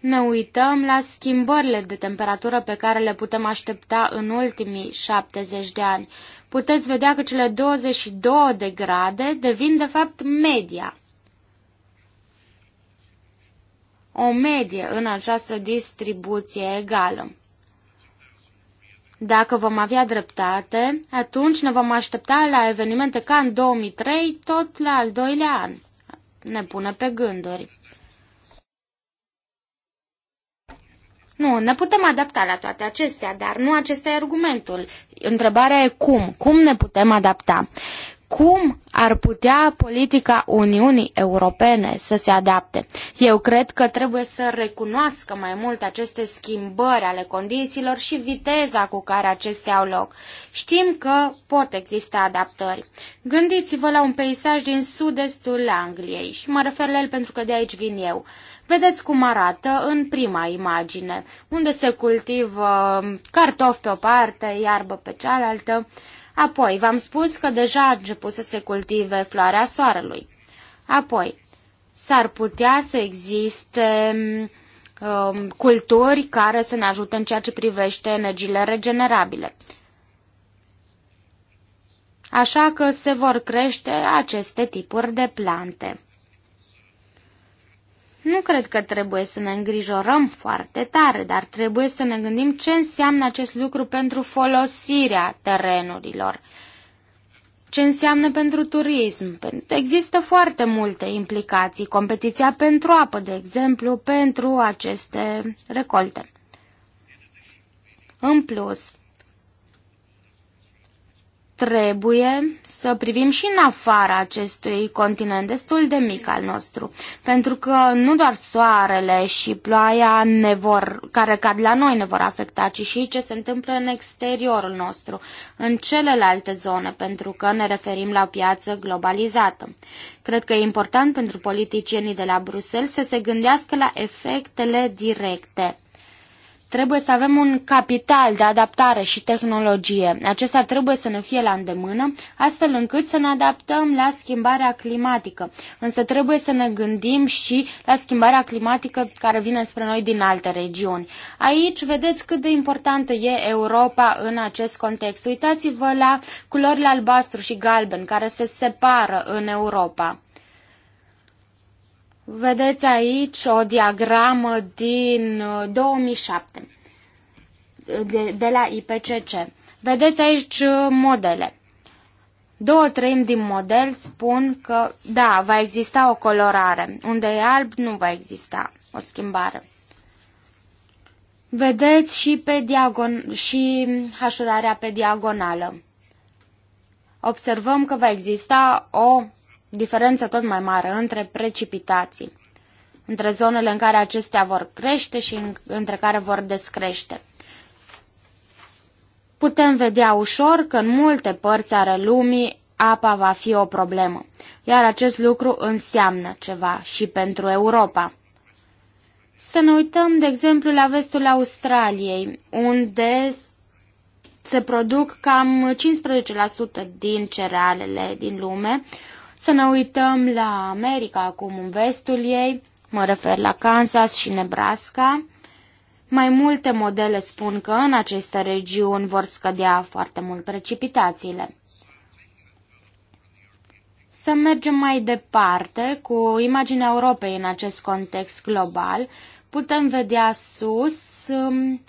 ne uităm la schimbările de temperatură pe care le putem aștepta în ultimii 70 de ani. Puteți vedea că cele 22 de grade devin de fapt media. O medie în această distribuție egală. Dacă vom avea dreptate, atunci ne vom aștepta la evenimente ca în 2003, tot la al doilea an. Ne pune pe gânduri. Nu, ne putem adapta la toate acestea, dar nu acesta e argumentul. Întrebarea e cum. Cum ne putem adapta? cum ar putea politica Uniunii Europene să se adapte. Eu cred că trebuie să recunoască mai mult aceste schimbări ale condițiilor și viteza cu care acestea au loc. Știm că pot exista adaptări. Gândiți-vă la un peisaj din sud-estul Angliei și mă refer la el pentru că de aici vin eu. Vedeți cum arată în prima imagine, unde se cultivă uh, cartofi pe o parte, iarbă pe cealaltă. Apoi, v-am spus că deja a început să se cultive floarea soarelui. Apoi, s-ar putea să existe um, culturi care să ne ajute în ceea ce privește energiile regenerabile. Așa că se vor crește aceste tipuri de plante. Nu cred că trebuie să ne îngrijorăm foarte tare, dar trebuie să ne gândim ce înseamnă acest lucru pentru folosirea terenurilor. Ce înseamnă pentru turism? Există foarte multe implicații. Competiția pentru apă, de exemplu, pentru aceste recolte. În plus, trebuie să privim și în afara acestui continent destul de mic al nostru, pentru că nu doar soarele și ploaia ne vor, care cad la noi ne vor afecta, ci și ce se întâmplă în exteriorul nostru, în celelalte zone, pentru că ne referim la o piață globalizată. Cred că e important pentru politicienii de la Bruxelles să se gândească la efectele directe Trebuie să avem un capital de adaptare și tehnologie. Acesta trebuie să ne fie la îndemână, astfel încât să ne adaptăm la schimbarea climatică. Însă trebuie să ne gândim și la schimbarea climatică care vine spre noi din alte regiuni. Aici vedeți cât de importantă e Europa în acest context. Uitați-vă la culorile albastru și galben care se separă în Europa. Vedeți aici o diagramă din 2007 uh, de, de la IPCC. Vedeți aici uh, modele. Două treimi din model spun că, da, va exista o colorare. Unde e alb, nu va exista o schimbare. Vedeți și, pe diagon și hașurarea pe diagonală. Observăm că va exista o diferență tot mai mare între precipitații, între zonele în care acestea vor crește și între care vor descrește. Putem vedea ușor că în multe părți ale lumii apa va fi o problemă, iar acest lucru înseamnă ceva și pentru Europa. Să ne uităm, de exemplu, la vestul Australiei, unde se produc cam 15% din cerealele din lume să ne uităm la America acum în vestul ei, mă refer la Kansas și Nebraska. Mai multe modele spun că în aceste regiuni vor scădea foarte mult precipitațiile. Să mergem mai departe cu imaginea Europei în acest context global. Putem vedea sus um,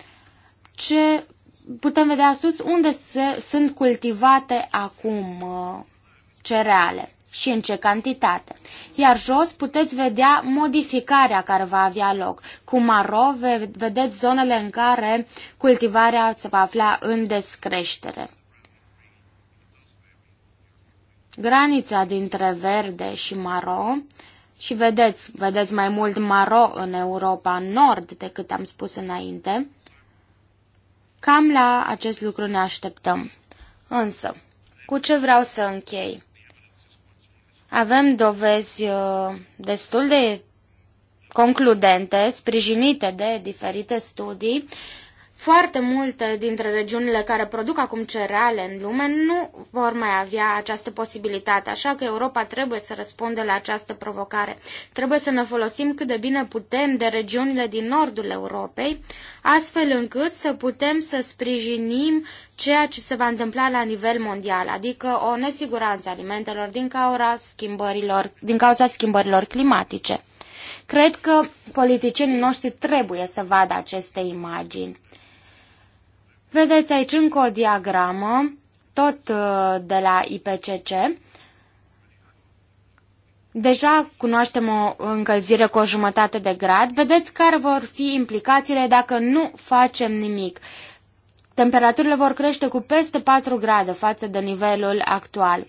ce putem vedea sus unde se, sunt cultivate acum uh, cereale și în ce cantitate. Iar jos puteți vedea modificarea care va avea loc. Cu maro vedeți zonele în care cultivarea se va afla în descreștere. Granița dintre verde și maro și vedeți, vedeți mai mult maro în Europa Nord decât am spus înainte. Cam la acest lucru ne așteptăm. Însă, cu ce vreau să închei? Avem dovezi uh, destul de concludente, sprijinite de diferite studii, foarte multe dintre regiunile care produc acum cereale în lume nu vor mai avea această posibilitate, așa că Europa trebuie să răspundă la această provocare. Trebuie să ne folosim cât de bine putem de regiunile din nordul Europei, astfel încât să putem să sprijinim ceea ce se va întâmpla la nivel mondial, adică o nesiguranță alimentelor din cauza schimbărilor, din cauza schimbărilor climatice. Cred că politicienii noștri trebuie să vadă aceste imagini. Vedeți aici încă o diagramă, tot uh, de la IPCC. Deja cunoaștem o încălzire cu o jumătate de grad. Vedeți care vor fi implicațiile dacă nu facem nimic. Temperaturile vor crește cu peste 4 grade față de nivelul actual.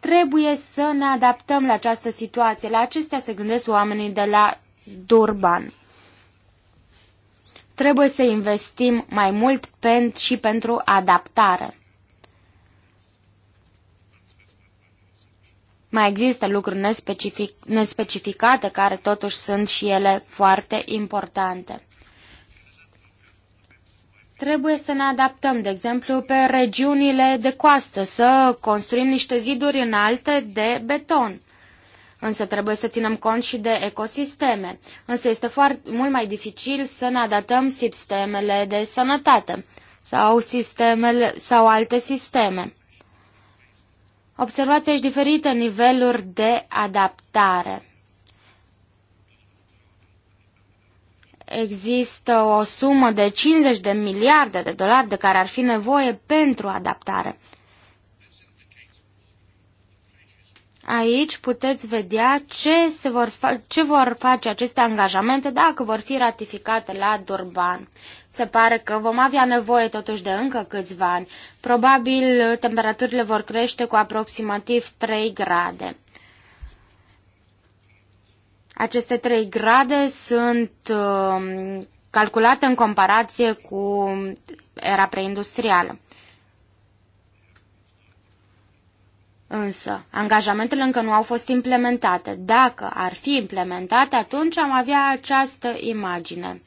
Trebuie să ne adaptăm la această situație. La acestea se gândesc oamenii de la Durban. Trebuie să investim mai mult pentru și pentru adaptare. Mai există lucruri nespecific, nespecificate care totuși sunt și ele foarte importante. Trebuie să ne adaptăm, de exemplu, pe regiunile de coastă, să construim niște ziduri înalte de beton însă trebuie să ținem cont și de ecosisteme. Însă este foarte, mult mai dificil să ne adaptăm sistemele de sănătate sau, sistemele, sau alte sisteme. Observați aici diferite niveluri de adaptare. Există o sumă de 50 de miliarde de dolari de care ar fi nevoie pentru adaptare. Aici puteți vedea ce, se vor ce vor face aceste angajamente dacă vor fi ratificate la Durban. Se pare că vom avea nevoie totuși de încă câțiva ani. Probabil uh, temperaturile vor crește cu aproximativ 3 grade. Aceste 3 grade sunt uh, calculate în comparație cu era preindustrială. Însă, angajamentele încă nu au fost implementate. Dacă ar fi implementate, atunci am avea această imagine.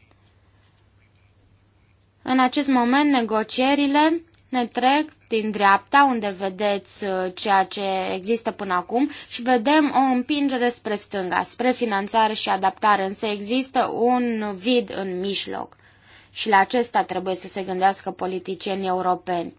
În acest moment, negocierile ne trec din dreapta, unde vedeți uh, ceea ce există până acum, și vedem o împingere spre stânga, spre finanțare și adaptare, însă există un vid în mijloc. Și la acesta trebuie să se gândească politicienii europeni.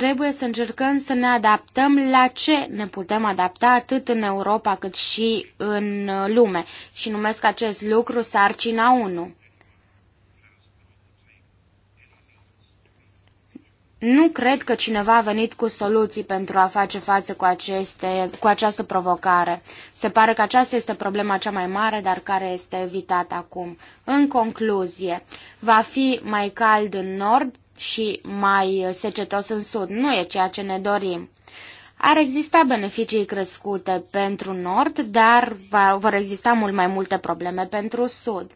Trebuie să încercăm să ne adaptăm la ce ne putem adapta atât în Europa cât și în uh, lume și numesc acest lucru sarcina 1. Nu cred că cineva a venit cu soluții pentru a face față cu, aceste, cu această provocare. Se pare că aceasta este problema cea mai mare, dar care este evitată acum. În concluzie, va fi mai cald în nord, și mai secetos în sud. Nu e ceea ce ne dorim. Ar exista beneficii crescute pentru nord, dar vor exista mult mai multe probleme pentru sud.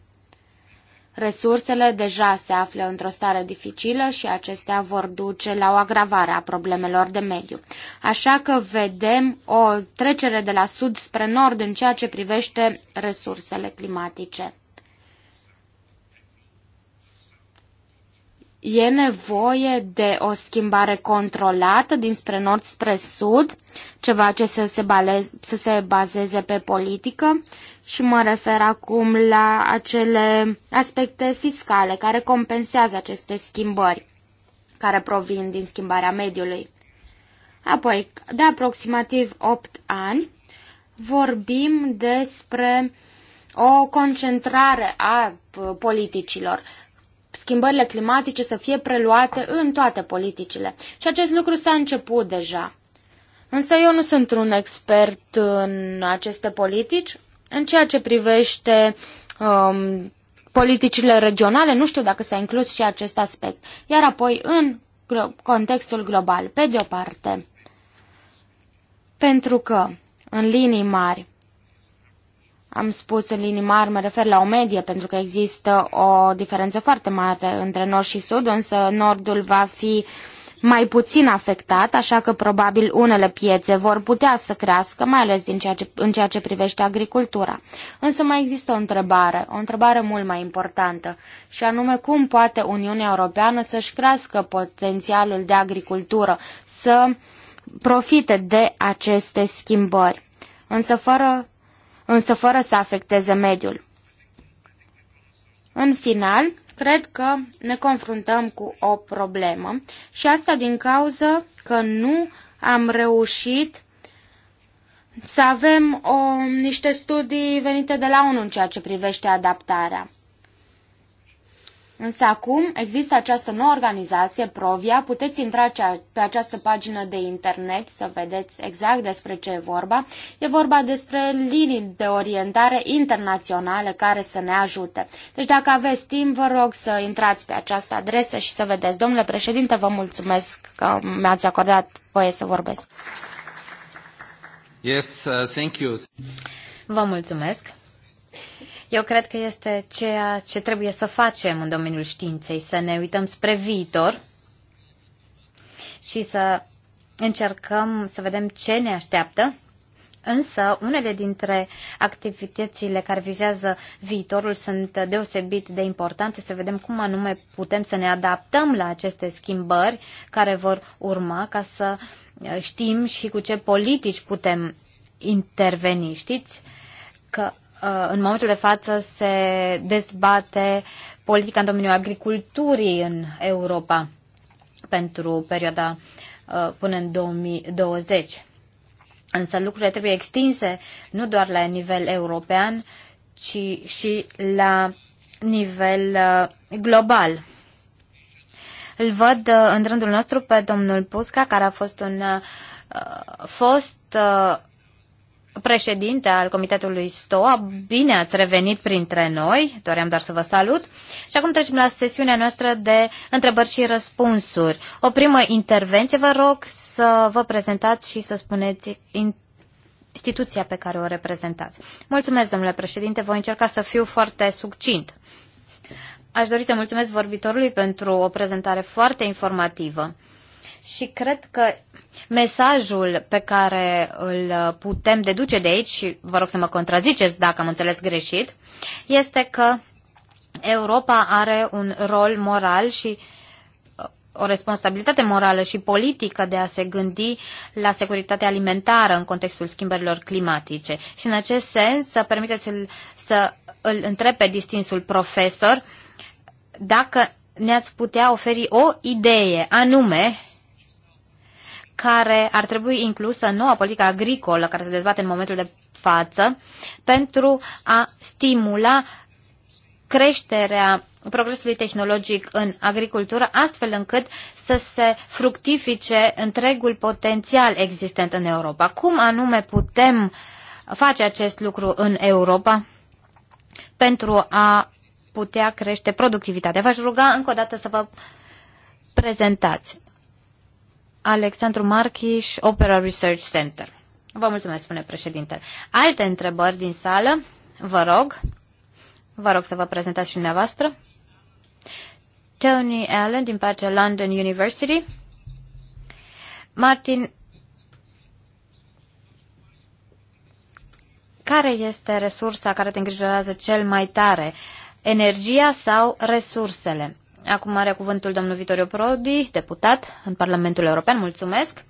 Resursele deja se află într-o stare dificilă și acestea vor duce la o agravare a problemelor de mediu. Așa că vedem o trecere de la sud spre nord în ceea ce privește resursele climatice. E nevoie de o schimbare controlată dinspre nord spre sud, ceva ce să se, baleze, să se bazeze pe politică și mă refer acum la acele aspecte fiscale care compensează aceste schimbări care provin din schimbarea mediului. Apoi, de aproximativ 8 ani, vorbim despre o concentrare a politicilor schimbările climatice să fie preluate în toate politicile. Și acest lucru s-a început deja. Însă eu nu sunt un expert în aceste politici. În ceea ce privește um, politicile regionale, nu știu dacă s-a inclus și acest aspect. Iar apoi, în contextul global, pe de o parte, pentru că, în linii mari, am spus în linii mari, mă refer la o medie, pentru că există o diferență foarte mare între nord și sud, însă nordul va fi mai puțin afectat, așa că probabil unele piețe vor putea să crească, mai ales din ceea ce, în ceea ce privește agricultura. Însă mai există o întrebare, o întrebare mult mai importantă, și anume cum poate Uniunea Europeană să-și crească potențialul de agricultură, să profite de aceste schimbări. Însă fără însă fără să afecteze mediul. În final, cred că ne confruntăm cu o problemă și asta din cauza că nu am reușit să avem o, niște studii venite de la unul în ceea ce privește adaptarea. Însă acum există această nouă organizație, Provia, puteți intra pe această pagină de internet să vedeți exact despre ce e vorba. E vorba despre linii de orientare internaționale care să ne ajute. Deci dacă aveți timp, vă rog să intrați pe această adresă și să vedeți. Domnule președinte, vă mulțumesc că mi-ați acordat voie să vorbesc. Yes, uh, thank you. Vă mulțumesc. Eu cred că este ceea ce trebuie să facem în domeniul științei, să ne uităm spre viitor și să încercăm să vedem ce ne așteaptă. Însă, unele dintre activitățile care vizează viitorul sunt deosebit de importante, să vedem cum anume putem să ne adaptăm la aceste schimbări care vor urma, ca să uh, știm și cu ce politici putem interveni. Știți că Uh, în momentul de față se dezbate politica în domeniul agriculturii în Europa pentru perioada uh, până în 2020. Însă lucrurile trebuie extinse nu doar la nivel european, ci și la nivel uh, global. Îl văd în rândul nostru pe domnul Pusca, care a fost un fost președinte al Comitetului STOA. Bine ați revenit printre noi, doream doar să vă salut. Și acum trecem la sesiunea noastră de întrebări și răspunsuri. O primă intervenție, vă rog să vă prezentați și să spuneți instituția pe care o reprezentați. Mulțumesc, domnule președinte, voi încerca să fiu foarte succint. Aș dori să mulțumesc vorbitorului pentru o prezentare foarte informativă. Și cred că mesajul pe care îl putem deduce de aici, și vă rog să mă contraziceți dacă am înțeles greșit, este că Europa are un rol moral și uh, o responsabilitate morală și politică de a se gândi la securitatea alimentară în contextul schimbărilor climatice. Și în acest sens, să permiteți să îl întreb pe distinsul profesor dacă ne-ați putea oferi o idee anume care ar trebui inclusă în noua politică agricolă care se dezbate în momentul de față pentru a stimula creșterea progresului tehnologic în agricultură, astfel încât să se fructifice întregul potențial existent în Europa. Cum anume putem face acest lucru în Europa pentru a putea crește productivitatea? V-aș ruga încă o dată să vă prezentați. Alexandru Marchiș, Opera Research Center. Vă mulțumesc, spune președintele. Alte întrebări din sală? Vă rog. Vă rog să vă prezentați și dumneavoastră. Tony Allen din partea London University. Martin, care este resursa care te îngrijorează cel mai tare? Energia sau resursele? Acum are cuvântul domnul Vitorio Prodi, deputat în Parlamentul European, mulțumesc.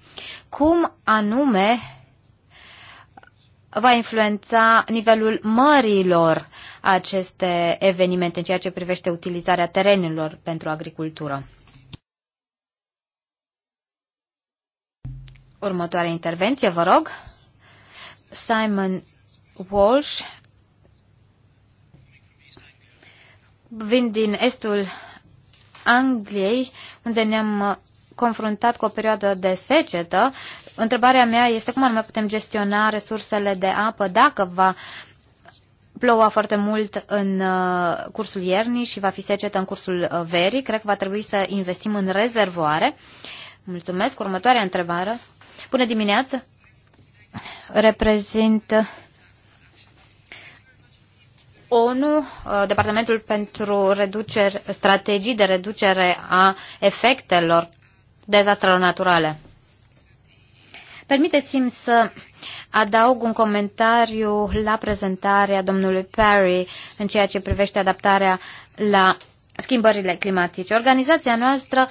Cum anume va influența nivelul mărilor aceste evenimente în ceea ce privește utilizarea terenelor pentru agricultură? Următoarea intervenție, vă rog. Simon Walsh. Vin din estul Angliei, unde ne-am uh, confruntat cu o perioadă de secetă, întrebarea mea este cum ar mai putem gestiona resursele de apă dacă va ploua foarte mult în uh, cursul iernii și va fi secetă în cursul uh, verii. Cred că va trebui să investim în rezervoare. Mulțumesc. Următoarea întrebare. Bună dimineață! Reprezint ONU, uh, Departamentul pentru reducere, strategii de reducere a efectelor dezastrelor naturale. Permiteți-mi să adaug un comentariu la prezentarea domnului Perry în ceea ce privește adaptarea la schimbările climatice. Organizația noastră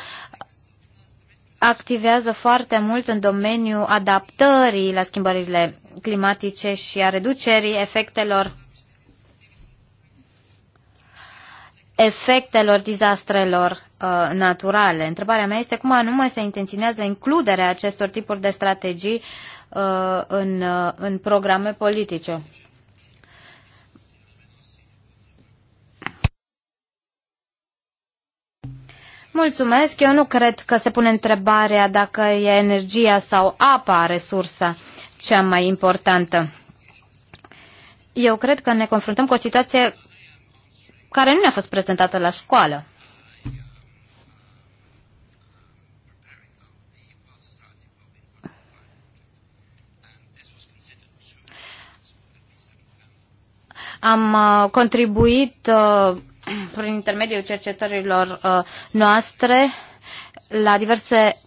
activează foarte mult în domeniul adaptării la schimbările climatice și a reducerii efectelor efectelor dizastrelor uh, naturale. Întrebarea mea este cum anume se intenționează includerea acestor tipuri de strategii uh, în, uh, în programe politice. Mulțumesc. Eu nu cred că se pune întrebarea dacă e energia sau apa resursa cea mai importantă. Eu cred că ne confruntăm cu o situație care nu ne-a fost prezentată la școală. Am uh, contribuit uh, *clears throat* prin intermediul cercetărilor uh, noastre la diverse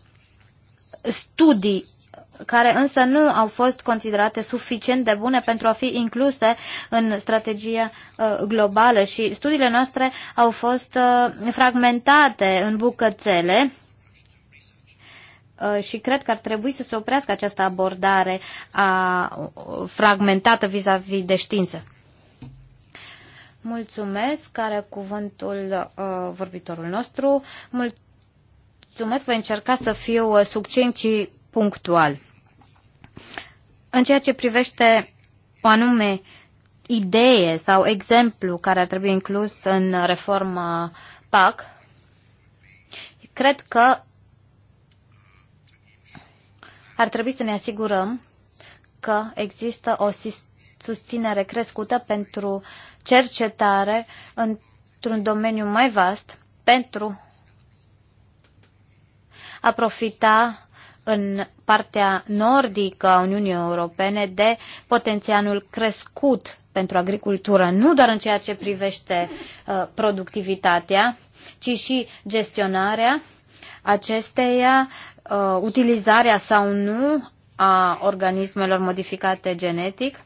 studii care însă nu au fost considerate suficient de bune pentru a fi incluse în strategia uh, globală și studiile noastre au fost uh, fragmentate în bucățele uh, și cred că ar trebui să se oprească această abordare a fragmentată vis-a-vis -vis de știință. Mulțumesc, care cuvântul uh, vorbitorul nostru. Mulțumesc, voi încerca să fiu succinct și punctual. În ceea ce privește o anume idee sau exemplu care ar trebui inclus în reforma PAC, cred că ar trebui să ne asigurăm că există o susținere crescută pentru cercetare într-un domeniu mai vast pentru a profita în partea nordică a Uniunii Europene de potențialul crescut pentru agricultură, nu doar în ceea ce privește uh, productivitatea, ci și gestionarea acesteia, uh, utilizarea sau nu a organismelor modificate genetic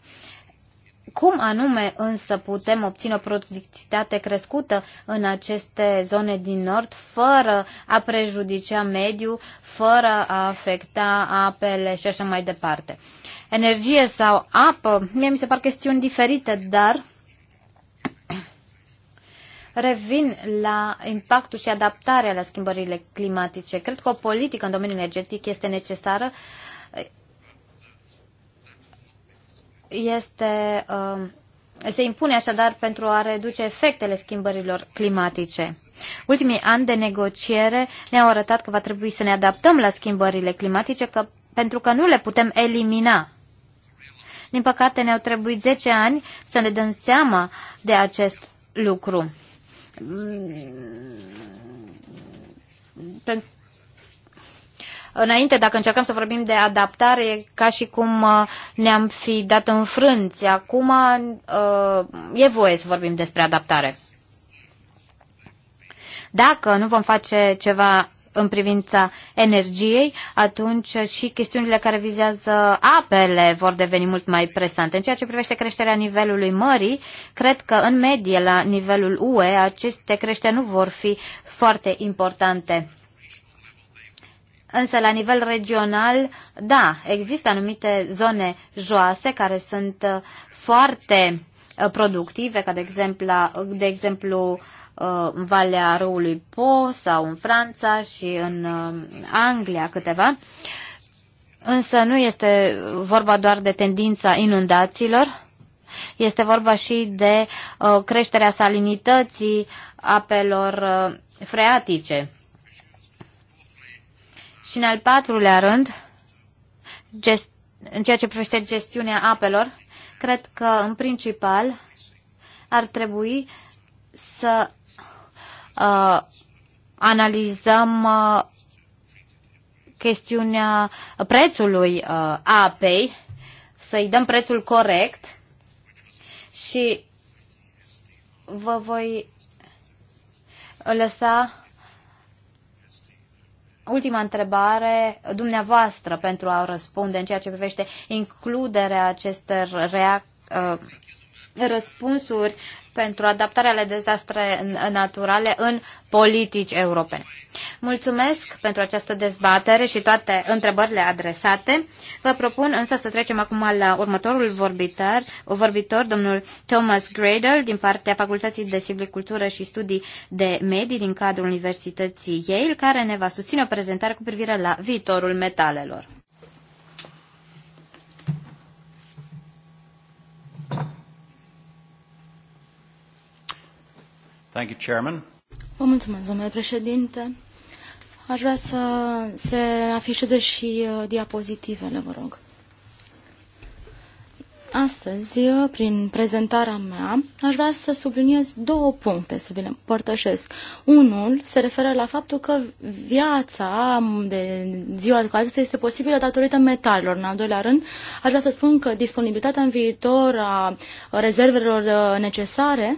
cum anume însă putem obține o productivitate crescută în aceste zone din nord fără a prejudicia mediul, fără a afecta apele și așa mai departe? Energie sau apă, mie mi se par chestiuni diferite, dar revin la impactul și adaptarea la schimbările climatice. Cred că o politică în domeniul energetic este necesară este, uh, se impune așadar pentru a reduce efectele schimbărilor climatice. Ultimii ani de negociere ne-au arătat că va trebui să ne adaptăm la schimbările climatice că, pentru că nu le putem elimina. Din păcate ne-au trebuit 10 ani să ne dăm seama de acest lucru. Pentru înainte, dacă încercăm să vorbim de adaptare, e ca și cum uh, ne-am fi dat în frânți. Acum uh, e voie să vorbim despre adaptare. Dacă nu vom face ceva în privința energiei, atunci și chestiunile care vizează apele vor deveni mult mai presante. În ceea ce privește creșterea nivelului mării, cred că în medie la nivelul UE aceste creșteri nu vor fi foarte importante. Însă, la nivel regional, da, există anumite zone joase care sunt uh, foarte uh, productive, ca de exemplu, de exemplu uh, în Valea Râului Po sau în Franța și în Anglia câteva. Însă nu este vorba doar de tendința inundațiilor, este vorba și de creșterea salinității apelor freatice. Și în al patrulea rând, gest, în ceea ce privește gestiunea apelor, cred că în principal ar trebui să uh, analizăm uh, chestiunea prețului uh, apei, să-i dăm prețul corect și vă voi lăsa ultima întrebare dumneavoastră pentru a răspunde în ceea ce privește includerea acestor reac- uh, răspunsuri pentru adaptarea la dezastre naturale în politici europene. Mulțumesc pentru această dezbatere și toate întrebările adresate. Vă propun însă să trecem acum la următorul vorbitor, vorbitor domnul Thomas Gradle, din partea Facultății de Silvicultură și Studii de Medii din cadrul Universității Yale, care ne va susține o prezentare cu privire la viitorul metalelor. Thank you, Chairman. Vă mulțumesc, domnule președinte. Aș vrea să se afișeze și uh, diapozitivele, vă rog. Astăzi, uh, prin prezentarea mea, aș vrea să subliniez două puncte, să vi le împărtășesc. Unul se referă la faptul că viața de ziua de astăzi este posibilă datorită metalelor. În al doilea rând, aș vrea să spun că disponibilitatea în viitor a rezervelor uh, necesare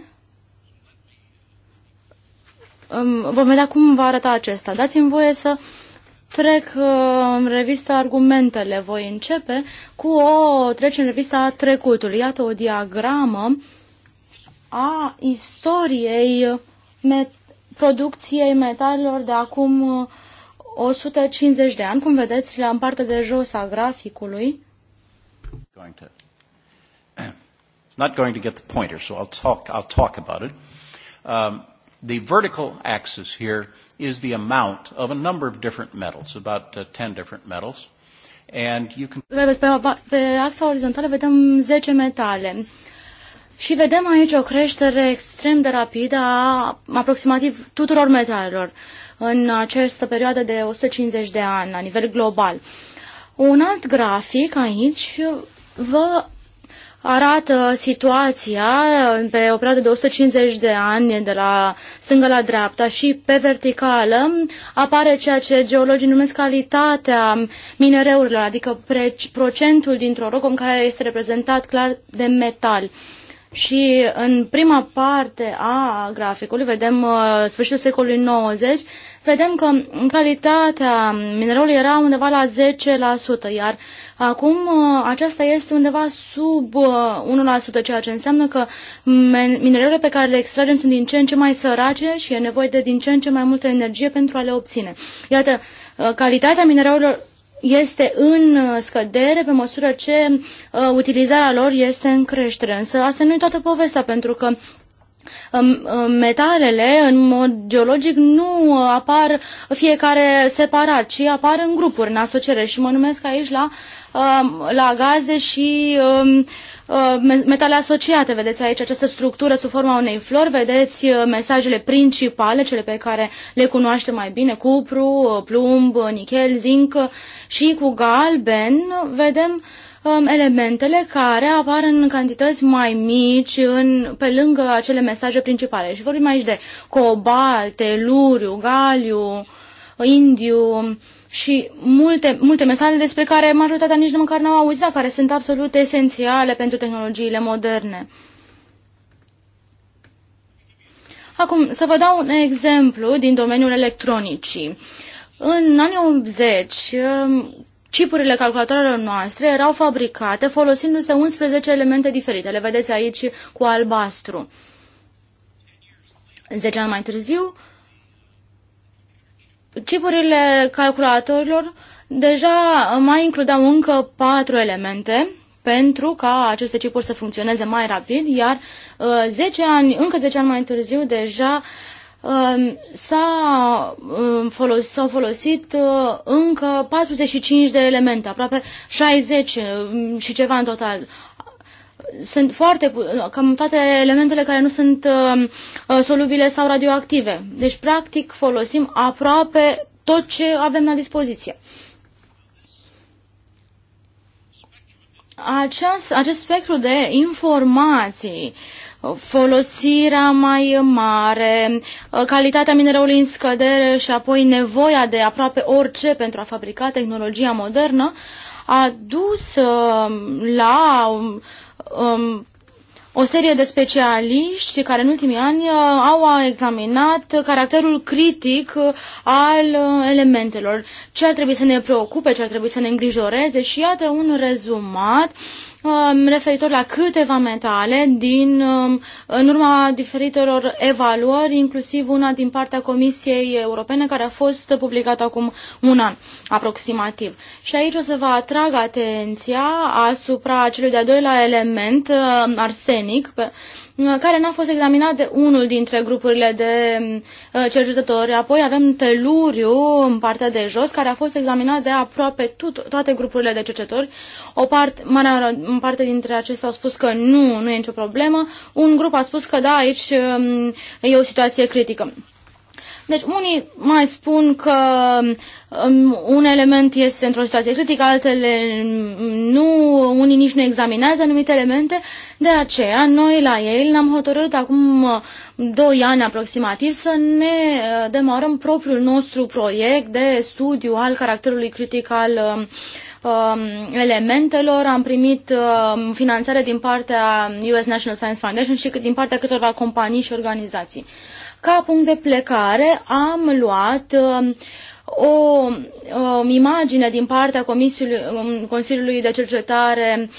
Vom vedea cum va arăta acesta. Dați-mi voie să trec uh, în revista argumentele. Voi începe cu o trece în revista trecutului. Iată o diagramă a istoriei met producției metalelor de acum 150 uh, de ani. Cum vedeți, la în partea de jos a graficului. Going to, *coughs* not going to get the pointer, so I'll talk, I'll talk about it. Um, The vertical axis here is the amount of a number of different metals, about uh, 10 different metals. And you can... pe, pe pe axa orizontală vedem 10 metale. Și vedem aici o creștere extrem de rapidă a aproximativ tuturor metalelor în această perioadă de 150 de ani la nivel global. Un alt grafic aici vă arată situația pe o perioadă de 150 de ani de la stânga la dreapta și pe verticală apare ceea ce geologii numesc calitatea minereurilor, adică procentul dintr-o în care este reprezentat clar de metal. Uh, și în prima parte a graficului, vedem uh, sfârșitul secolului 90, vedem că calitatea mineralului era undeva la 10%, iar acum uh, aceasta este undeva sub 1%, uh, ceea ce înseamnă că mineralele pe care le extragem sunt din ce în ce mai sărace și e nevoie de din ce în ce mai multă energie pentru a le obține. Iată, calitatea mineralelor este în uh, scădere pe măsură ce uh, utilizarea lor este în creștere. Însă asta nu e toată povestea, pentru că um, uh, metalele în mod geologic nu uh, apar fiecare separat, ci apar în grupuri, în asociere și mă numesc aici la, la gaze și um, Uh, metale asociate. Vedeți aici această structură sub forma unei flori, vedeți uh, mesajele principale, cele pe care le cunoaștem mai bine, cupru, uh, plumb, nichel, zinc și cu galben vedem um, elementele care apar în cantități mai mici în, pe lângă acele mesaje principale. Și vorbim aici de cobalt, teluriu, galiu, indiu, și multe, multe mesaje despre care majoritatea nici de măcar n-au auzit, dar care sunt absolut esențiale pentru tehnologiile moderne. Acum, să vă dau un exemplu din domeniul electronicii. În anii 80, um, Cipurile calculatoarelor noastre erau fabricate folosindu-se 11 elemente diferite. Le vedeți aici cu albastru. 10 ani mai târziu, Chipurile calculatorilor deja mai includeau încă patru elemente pentru ca aceste chipuri să funcționeze mai rapid, iar uh, 10 ani, încă 10 ani mai târziu deja uh, um, s uh, um, folos, au folosit uh, încă 45 de elemente, aproape 60 um, și ceva în total sunt foarte, cam toate elementele care nu sunt um, uh, solubile sau radioactive. Deci, practic, folosim aproape tot ce avem la dispoziție. Aceast, acest spectru de informații, folosirea mai mare, uh, calitatea mineralului în scădere și apoi nevoia de aproape orice pentru a fabrica tehnologia modernă, a dus uh, la um, um, o serie de specialiști care în ultimii ani uh, au examinat caracterul critic uh, al uh, elementelor, ce ar trebui să ne preocupe, ce ar trebui să ne îngrijoreze și iată un rezumat Um, referitor la câteva metale din, um, în urma diferitelor evaluări, inclusiv una din partea Comisiei Europene care a fost publicată acum un an aproximativ. Și aici o să vă atrag atenția asupra celui de-al doilea element, um, arsenic, pe, Uh, care n-a fost examinat de unul dintre grupurile de uh, cercetători. Apoi avem Teluriu, în partea de jos, care a fost examinat de aproape tot, toate grupurile de cercetători. O part, în parte dintre acestea au spus că nu, nu e nicio problemă. Un grup a spus că da, aici um, e o situație critică. Deci unii mai spun că um, un element este într-o situație critică, altele nu, unii nici nu examinează anumite elemente. De aceea, noi la ei ne-am hotărât acum uh, doi ani aproximativ să ne uh, demarăm propriul nostru proiect de studiu al caracterului critic al um, um elementelor, am primit um, finanțare din partea US National Science Foundation și din partea câtorva companii și organizații. Ca punct de plecare am luat uh, o um, imagine din partea um, Consiliului de Cercetare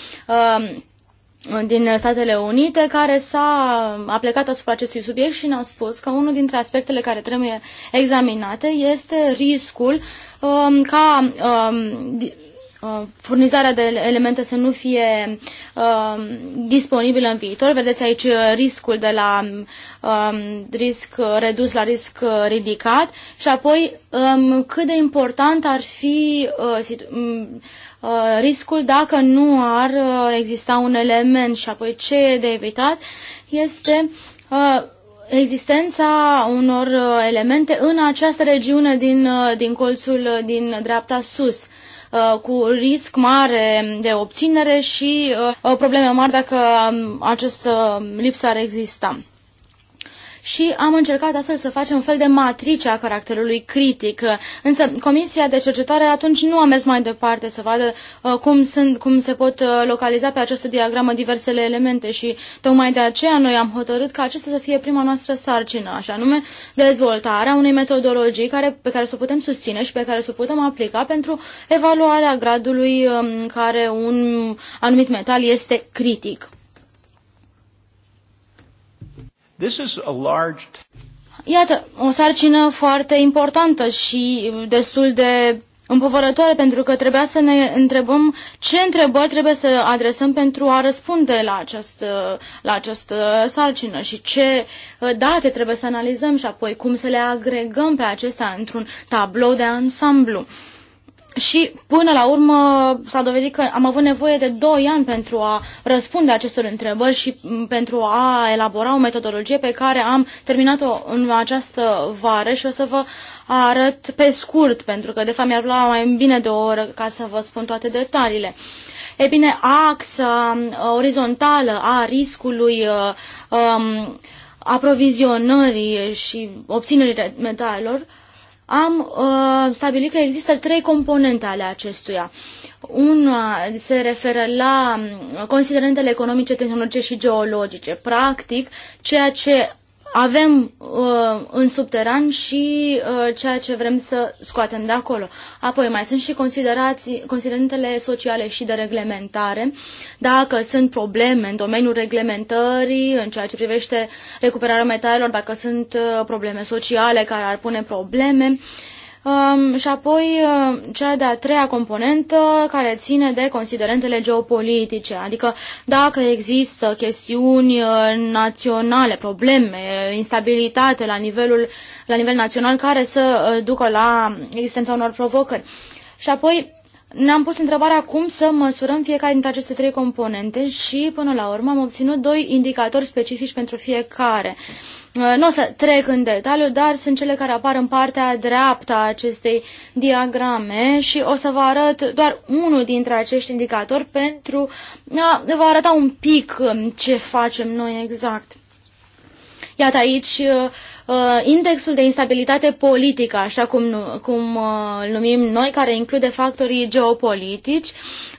din Statele Unite care s-a aplicat asupra acestui subiect și ne-au spus că unul dintre aspectele care trebuie examinate este riscul um, ca um, Uh, furnizarea de elemente să nu fie uh, disponibilă în viitor. Vedeți aici uh, riscul de la um, risc uh, redus la risc ridicat și apoi um, cât de important ar fi uh, um, uh, riscul dacă nu ar exista un element și apoi ce e de evitat este uh, existența unor elemente în această regiune din, din colțul din dreapta sus. Uh, Uh, cu risc mare de obținere și uh, uh, probleme mari dacă um, această lipsă ar exista și am încercat astfel să facem un fel de matrice a caracterului critic. Însă Comisia de Cercetare atunci nu a mers mai departe să vadă uh, cum, sunt, cum se pot uh, localiza pe această diagramă diversele elemente și tocmai de aceea noi am hotărât ca acesta să fie prima noastră sarcină, așa nume dezvoltarea unei metodologii care, pe care să o putem susține și pe care să o putem aplica pentru evaluarea gradului în um, care un anumit metal este critic. This is a large Iată, o sarcină foarte importantă și destul de împovărătoare pentru că trebuia să ne întrebăm ce întrebări trebuie să adresăm pentru a răspunde la această, la această sarcină și ce uh, date trebuie să analizăm și apoi cum să le agregăm pe acestea într-un tablou de ansamblu. Uh, și până la urmă s-a dovedit că am avut nevoie de 2 ani pentru a răspunde acestor întrebări și pentru a elabora o metodologie pe care am terminat-o în această vară și o să vă arăt pe scurt, pentru că de fapt mi-ar lua mai bine de o oră ca să vă spun toate detaliile. E bine, axa orizontală a riscului uh, um, aprovizionării și obținerii metalelor am uh, stabilit că există trei componente ale acestuia. Una uh, se referă la um, considerentele economice, tehnologice și geologice. Practic, ceea ce avem uh, în subteran și uh, ceea ce vrem să scoatem de acolo. Apoi mai sunt și considerații, considerentele sociale și de reglementare. Dacă sunt probleme în domeniul reglementării, în ceea ce privește recuperarea metalelor, dacă sunt uh, probleme sociale care ar pune probleme, uh, Um, și apoi uh, cea de-a treia componentă care ține de considerentele geopolitice, adică dacă există chestiuni uh, naționale, probleme, instabilitate la, nivelul, la nivel național care să uh, ducă la existența unor provocări. Și apoi ne-am pus întrebarea cum să măsurăm fiecare dintre aceste trei componente și până la urmă am obținut doi indicatori specifici pentru fiecare. Uh, nu o să trec în detaliu, dar sunt cele care apar în partea dreaptă a acestei diagrame și o să vă arăt doar unul dintre acești indicatori pentru a vă arăta un pic um, ce facem noi exact. Iată aici uh, Uh, indexul de instabilitate politică, așa cum, cum uh, îl numim noi, care include factorii geopolitici,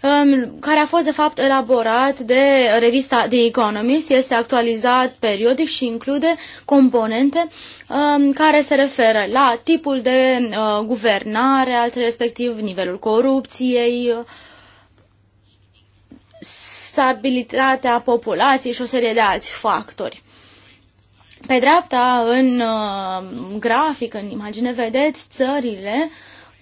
um, care a fost de fapt elaborat de revista The Economist, este actualizat periodic și include componente um, care se referă la tipul de uh, guvernare, altfel respectiv nivelul corupției, stabilitatea populației și o serie de alți factori. Pe dreapta, în uh, grafic, în imagine, vedeți țările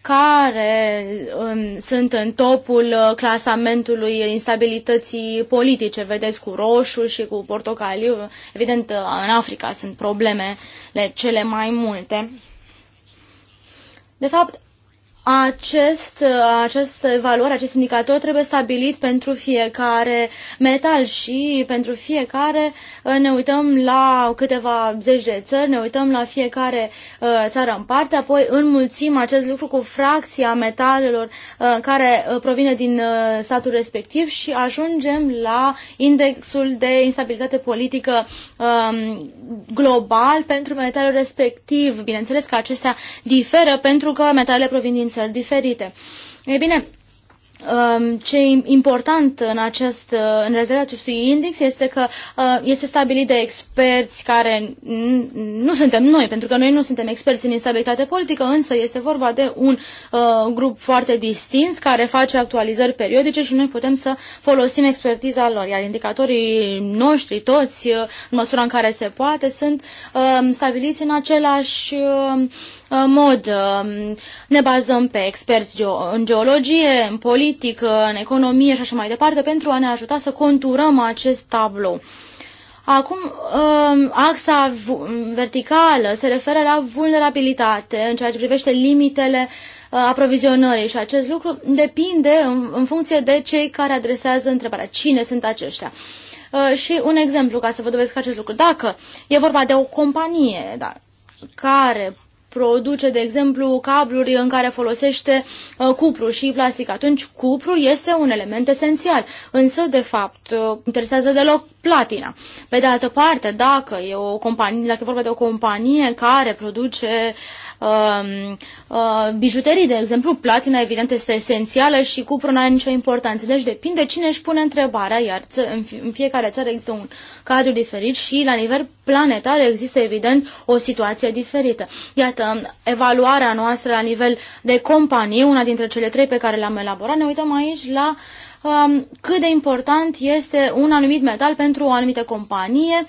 care um, sunt în topul uh, clasamentului instabilității politice. Vedeți cu roșu și cu portocaliu. Evident, uh, în Africa sunt problemele cele mai multe. De fapt, acest, această valoare acest indicator trebuie stabilit pentru fiecare metal și pentru fiecare uh, ne uităm la câteva zeci de țări, ne uităm la fiecare uh, țară în parte, apoi înmulțim acest lucru cu fracția metalelor uh, care provine din statul respectiv și ajungem la indexul de instabilitate politică um, global pentru metalul respectiv. Bineînțeles că acestea diferă pentru că metalele provin din țări diferite. Ei bine, um, ce e important în, acest, uh, în realizarea acestui index este că uh, este stabilit de experți care nu suntem noi, pentru că noi nu suntem experți în instabilitate politică, însă este vorba de un uh, grup foarte distins care face actualizări periodice și noi putem să folosim expertiza lor. Iar indicatorii noștri, toți, în măsura în care se poate, sunt um, stabiliți în același mod. Um, ne bazăm pe experți în geologie, în politică, în economie și așa mai departe pentru a ne ajuta să conturăm acest tablou. Acum, um, axa verticală se referă la vulnerabilitate în ceea ce privește limitele uh, aprovizionării și acest lucru depinde în, în funcție de cei care adresează întrebarea. Cine sunt aceștia? Uh, și un exemplu ca să vă dovedesc acest lucru. Dacă e vorba de o companie da, care produce, de exemplu, cabluri în care folosește uh, cupru și plastic, atunci cupru este un element esențial. Însă, de fapt, uh, interesează deloc platina. Pe de altă parte, dacă e o companie, dacă e vorba de o companie care produce uh, Um, uh, bijuterii, de exemplu, platina, evident, este esențială și cuprul nu are nicio importanță. Deci depinde cine își pune întrebarea, iar în fiecare țară există un cadru diferit și la nivel planetar există, evident, o situație diferită. Iată, evaluarea noastră la nivel de companie, una dintre cele trei pe care le-am elaborat, ne uităm aici la um, cât de important este un anumit metal pentru o anumită companie,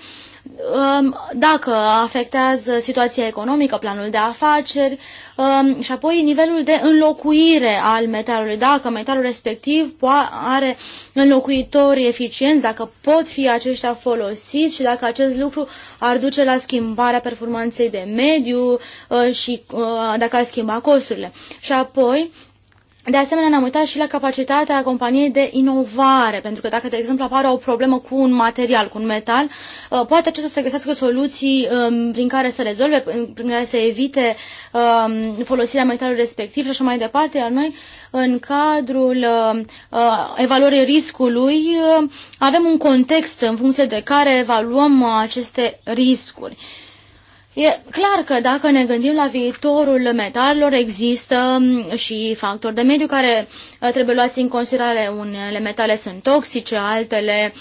Um, dacă afectează situația economică, planul de afaceri um, și apoi nivelul de înlocuire al metalului. Dacă metalul respectiv are înlocuitori eficienți, dacă pot fi aceștia folosiți și dacă acest lucru ar duce la schimbarea performanței de mediu uh, și uh, dacă ar schimba costurile. Și apoi de asemenea, ne-am uitat și la capacitatea companiei de inovare, pentru că dacă, de exemplu, apare o problemă cu un material, cu un metal, uh, poate acesta să găsească soluții um, prin care să rezolve, prin care să evite um, folosirea metalului respectiv și așa mai departe, iar noi, în cadrul uh, uh, evaluării riscului, avem un context în funcție de care evaluăm aceste riscuri. E clar că dacă ne gândim la viitorul metalelor, există mm, și factori de mediu care Eh, trebuie luați în considerare. Unele metale sunt toxice, altele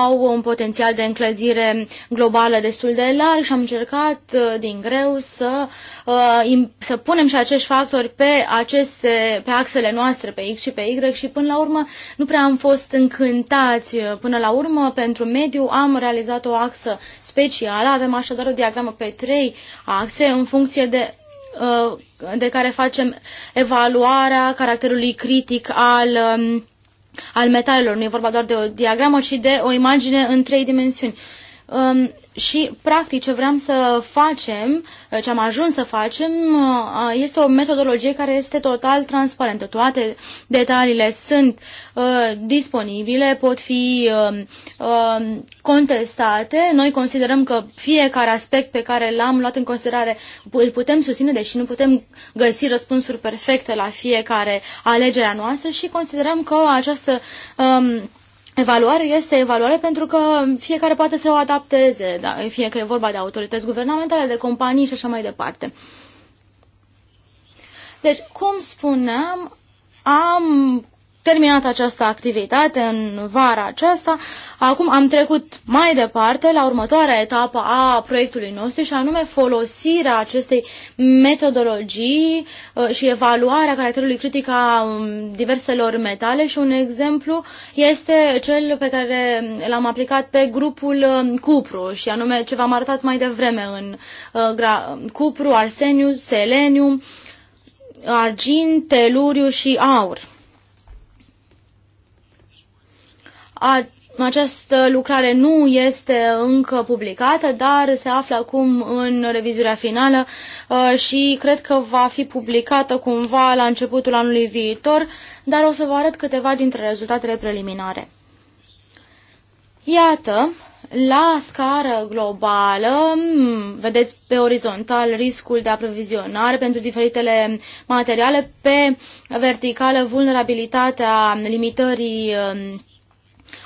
au un potențial de înclăzire globală destul de larg și am încercat eh, din greu să, eh, să punem și acești factori pe, aceste, pe axele noastre, pe X și pe Y și până la urmă nu prea am fost încântați. Până la urmă, pentru mediu am realizat o axă specială, avem așadar o diagramă pe trei axe în funcție de Uh, de care facem evaluarea caracterului critic al, um, al metalelor. Nu e vorba doar de o diagramă, ci de o imagine în trei dimensiuni. Um, și, practic, ce vreau să facem, uh, ce am ajuns să facem, uh, este o metodologie care este total transparentă. Toate detaliile sunt uh, disponibile, pot fi um, um, contestate. Noi considerăm că fiecare aspect pe care l-am luat în considerare îl putem susține, deși nu putem găsi răspunsuri perfecte la fiecare alegerea noastră și considerăm că această Uh, Evaluare este evaluare pentru că fiecare poate să o adapteze, da, fie că e vorba de autorități guvernamentale, de companii și așa mai departe. Deci, cum spuneam, am terminat această activitate în vara aceasta. Acum am trecut mai departe la următoarea etapă a proiectului nostru și anume folosirea acestei metodologii uh, și evaluarea caracterului critic a um, diverselor metale și un exemplu este cel pe care l-am aplicat pe grupul um, cupru și anume ce v-am arătat mai devreme în uh, cupru, arseniu, seleniu, argint, teluriu și aur A, această lucrare nu este încă publicată, dar se află acum în revizuirea finală uh, și cred că va fi publicată cumva la începutul anului viitor, dar o să vă arăt câteva dintre rezultatele preliminare. Iată, la scară globală, hmm, vedeți pe orizontal riscul de aprovizionare pentru diferitele materiale, pe verticală vulnerabilitatea limitării hmm,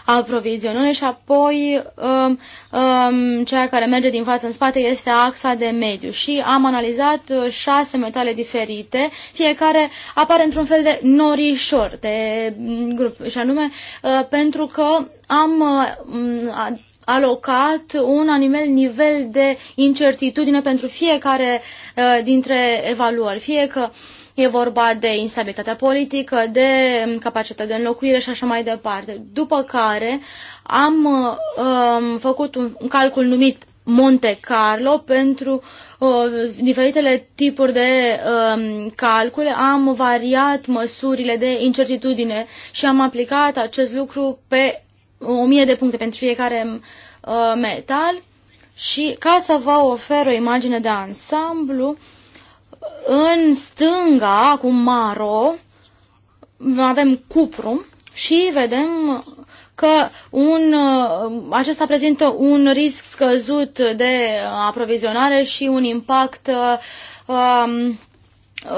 aprovizionare și apoi um, um, ceea care merge din față în spate este axa de mediu și am analizat uh, șase metale diferite, fiecare apare într-un fel de norișor de mm, grup și anume uh, pentru că am uh, mm, alocat un anumit nivel de incertitudine pentru fiecare uh, dintre evaluări, fie că uh, E vorba de instabilitatea politică, de capacitatea de înlocuire și așa mai departe. După care am um, făcut un, un calcul numit Monte Carlo pentru uh, diferitele tipuri de uh, calcule. Am variat măsurile de incertitudine și am aplicat acest lucru pe 1000 de puncte pentru fiecare uh, metal. Și ca să vă ofer o imagine de ansamblu, uh, în stânga, cu maro, avem cupru și vedem că un, acesta prezintă un risc scăzut de aprovizionare și un impact um,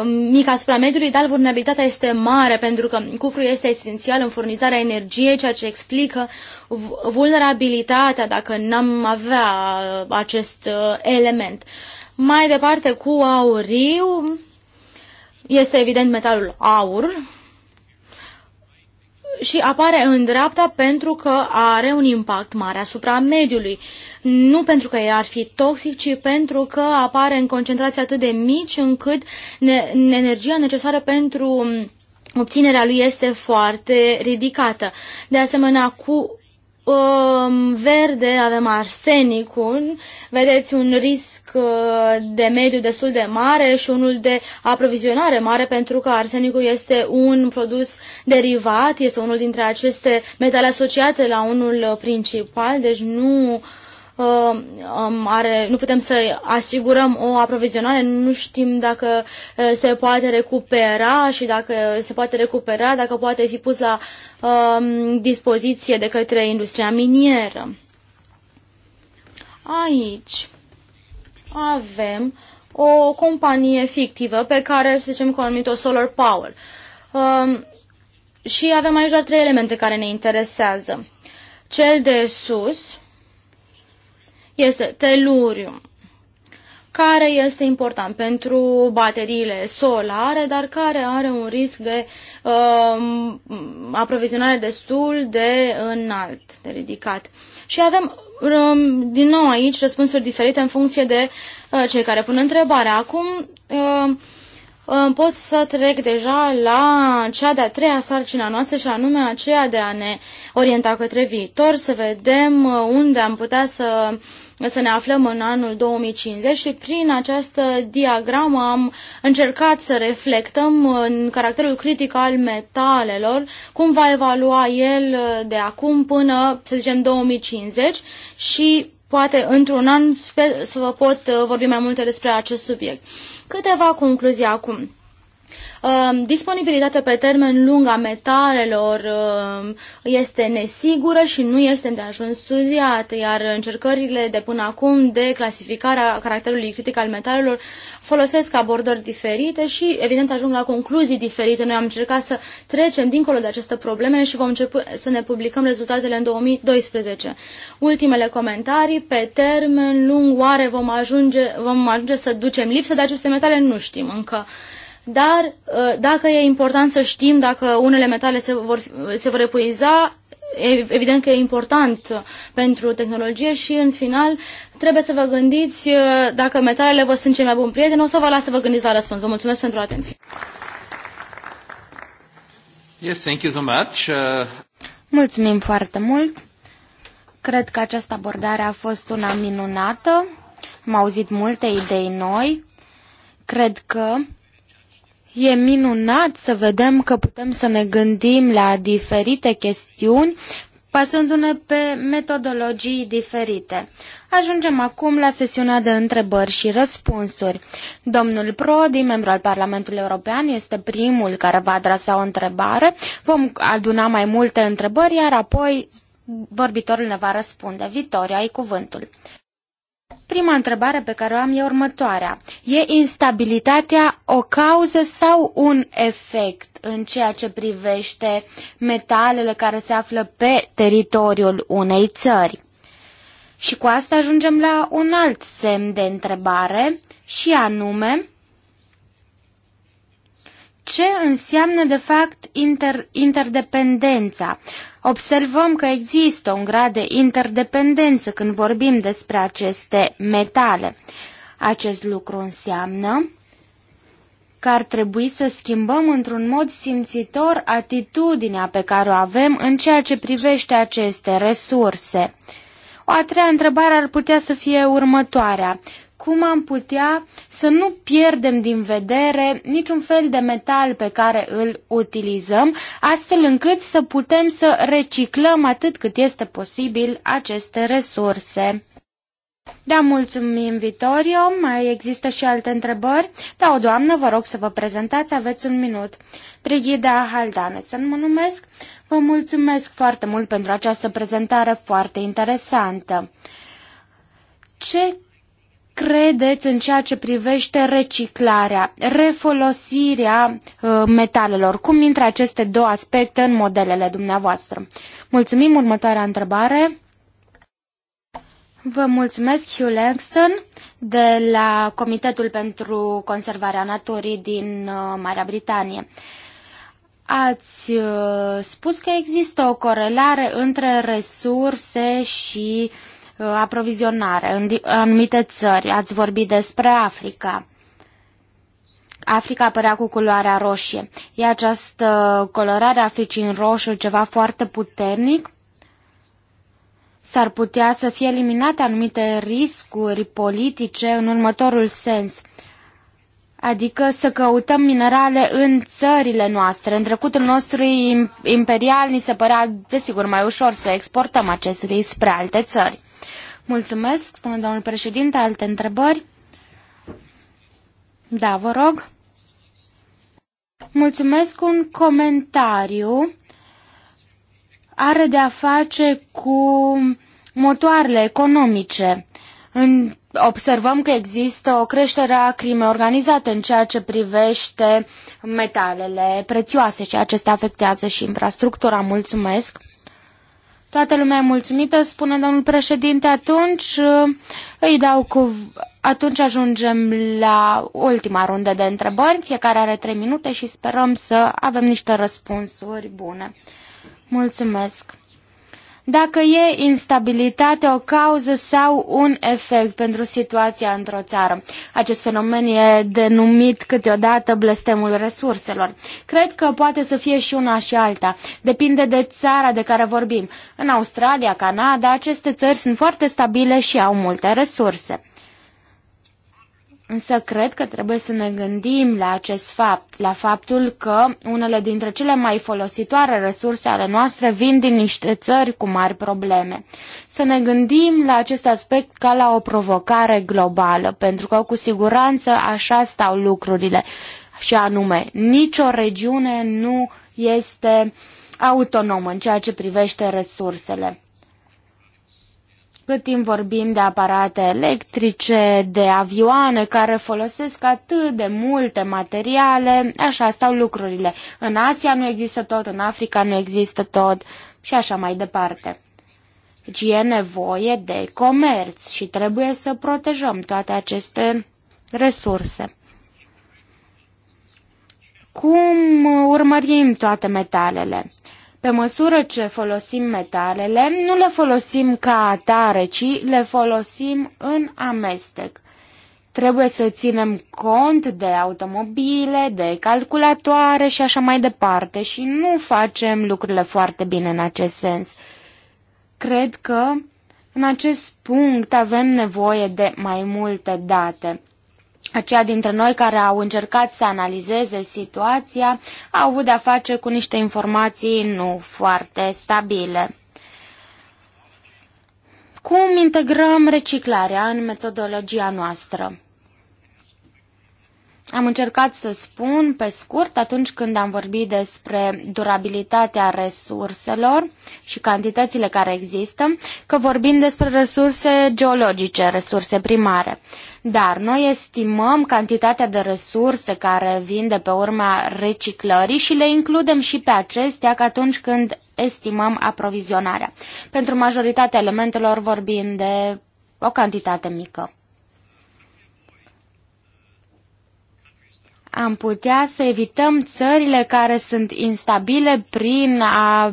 mic asupra mediului, dar vulnerabilitatea este mare pentru că cuprul este esențial în furnizarea energiei, ceea ce explică vulnerabilitatea dacă n-am avea acest uh, element. Mai departe cu auriu este evident metalul aur și apare în dreapta pentru că are un impact mare asupra mediului. Nu pentru că ar fi toxic, ci pentru că apare în concentrații atât de mici încât ne energia necesară pentru obținerea lui este foarte ridicată. De asemenea, cu um, verde avem arsenicul, vedeți un risc uh, de mediu destul de mare și unul de aprovizionare mare pentru că arsenicul este un produs derivat, este unul dintre aceste metale asociate la unul uh, principal, deci nu Uh, um, are, nu putem să asigurăm o aprovizionare, nu știm dacă uh, se poate recupera și dacă se poate recupera, dacă poate fi pus la um, dispoziție de către industria minieră. Aici avem o companie fictivă pe care, să zicem, că o numit-o Solar Power. Um, și avem aici doar trei elemente care ne interesează. Cel de sus, este telurium, care este important pentru bateriile solare, dar care are un risc de uh, aprovizionare destul de înalt, de ridicat. Și avem um, din nou aici răspunsuri diferite în funcție de uh, cei care pun întrebarea. Acum, uh, pot să trec deja la cea de-a treia sarcina noastră și anume aceea de a ne orienta către viitor, să vedem uh, unde am putea să, să ne aflăm în anul 2050 și prin această diagramă am încercat să reflectăm în caracterul critic al metalelor, cum va evalua el uh, de acum până, să zicem, 2050 și Poate într-un an sper să vă pot uh, vorbi mai multe despre acest subiect. Câteva concluzii acum. Ehm, disponibilitatea pe termen lung a metalelor ehm, este nesigură și nu este de ajuns studiată, iar încercările de până acum de clasificare a caracterului critic al metalelor folosesc abordări diferite și, evident, ajung la concluzii diferite. Noi am încercat să trecem dincolo de aceste probleme și vom începe să ne publicăm rezultatele în 2012. Ultimele comentarii, pe termen lung, oare vom ajunge, vom ajunge să ducem lipsă de aceste metale? Nu știm încă dar uh, dacă e important să știm dacă unele metale se vor, se vor epuiza, evident că e important pentru tehnologie și în final trebuie să vă gândiți uh, dacă metalele vă sunt cei mai buni prieteni, o să vă las să vă gândiți la răspuns. Vă mulțumesc pentru atenție. Yes, thank you so much. Uh... Mulțumim foarte mult. Cred că această abordare a fost una minunată. Am auzit multe idei noi. Cred că E minunat să vedem că putem să ne gândim la diferite chestiuni pasându-ne pe metodologii diferite. Ajungem acum la sesiunea de întrebări și răspunsuri. Domnul Prodi, membru al Parlamentului European, este primul care va adresa o întrebare. Vom aduna mai multe întrebări, iar apoi vorbitorul ne va răspunde. Vitoria, ai cuvântul. Prima întrebare pe care o am e următoarea. E instabilitatea o cauză sau un efect în ceea ce privește metalele care se află pe teritoriul unei țări? Și cu asta ajungem la un alt semn de întrebare și anume ce înseamnă de fapt inter, interdependența Observăm că există un grad de interdependență când vorbim despre aceste metale. Acest lucru înseamnă că ar trebui să schimbăm într-un mod simțitor atitudinea pe care o avem în ceea ce privește aceste resurse. O a treia întrebare ar putea să fie următoarea cum am putea să nu pierdem din vedere niciun fel de metal pe care îl utilizăm, astfel încât să putem să reciclăm atât cât este posibil aceste resurse. Da, mulțumim, Vitorio. Mai există și alte întrebări? Da, o doamnă, vă rog să vă prezentați, aveți un minut. Brigida Haldane, să mă numesc. Vă mulțumesc foarte mult pentru această prezentare foarte interesantă. Ce credeți în ceea ce privește reciclarea, refolosirea uh, metalelor? Cum intră aceste două aspecte în modelele dumneavoastră? Mulțumim, următoarea întrebare. Vă mulțumesc, Hugh Langston, de la Comitetul pentru Conservarea Naturii din uh, Marea Britanie. Ați uh, spus că există o corelare între resurse și uh, Uh, aprovizionare în anumite țări. Ați vorbit despre Africa. Africa părea cu culoarea roșie. E această colorare a Africii în roșu ceva foarte puternic? S-ar putea să fie eliminate anumite riscuri politice în următorul sens adică să căutăm minerale în țările noastre. În trecutul nostru imperial ni se părea, desigur, mai ușor să exportăm acest risc spre alte țări. Mulțumesc, spune domnul președinte. Alte întrebări? Da, vă rog. Mulțumesc un comentariu. Are de a face cu motoarele economice. În, observăm că există o creștere a crimei organizate în ceea ce privește metalele prețioase și acestea afectează și infrastructura. Mulțumesc! Toată lumea e mulțumită, spune domnul președinte, atunci uh, îi dau cu... Atunci ajungem la ultima rundă de întrebări, fiecare are trei minute și sperăm să avem niște răspunsuri bune. Mulțumesc! dacă e instabilitate o cauză sau un efect pentru situația într-o țară. Acest fenomen e denumit câteodată blestemul resurselor. Cred că poate să fie și una și alta. Depinde de țara de care vorbim. În Australia, Canada, aceste țări sunt foarte stabile și au multe resurse. Însă cred că trebuie să ne gândim la acest fapt, la faptul că unele dintre cele mai folositoare resurse ale noastre vin din niște țări cu mari probleme. Să ne gândim la acest aspect ca la o provocare globală, pentru că cu siguranță așa stau lucrurile. Și anume, nicio regiune nu este autonomă în ceea ce privește resursele cât timp vorbim de aparate electrice, de avioane care folosesc atât de multe materiale, așa stau lucrurile. În Asia nu există tot, în Africa nu există tot și așa mai departe. Deci e nevoie de comerț și trebuie să protejăm toate aceste resurse. Cum urmărim toate metalele? Pe măsură ce folosim metalele, nu le folosim ca atare, ci le folosim în amestec. Trebuie să ținem cont de automobile, de calculatoare și așa mai departe și nu facem lucrurile foarte bine în acest sens. Cred că în acest punct avem nevoie de mai multe date aceia dintre noi care au încercat să analizeze situația au avut de-a face cu niște informații nu foarte stabile. Cum integrăm reciclarea în metodologia noastră? Am încercat să spun pe scurt atunci când am vorbit despre durabilitatea resurselor și cantitățile care există, că vorbim despre resurse geologice, resurse primare. Dar noi estimăm cantitatea de resurse care vin de pe urma reciclării și le includem și pe acestea că atunci când estimăm aprovizionarea. Pentru majoritatea elementelor vorbim de o cantitate mică. am putea să evităm țările care sunt instabile prin a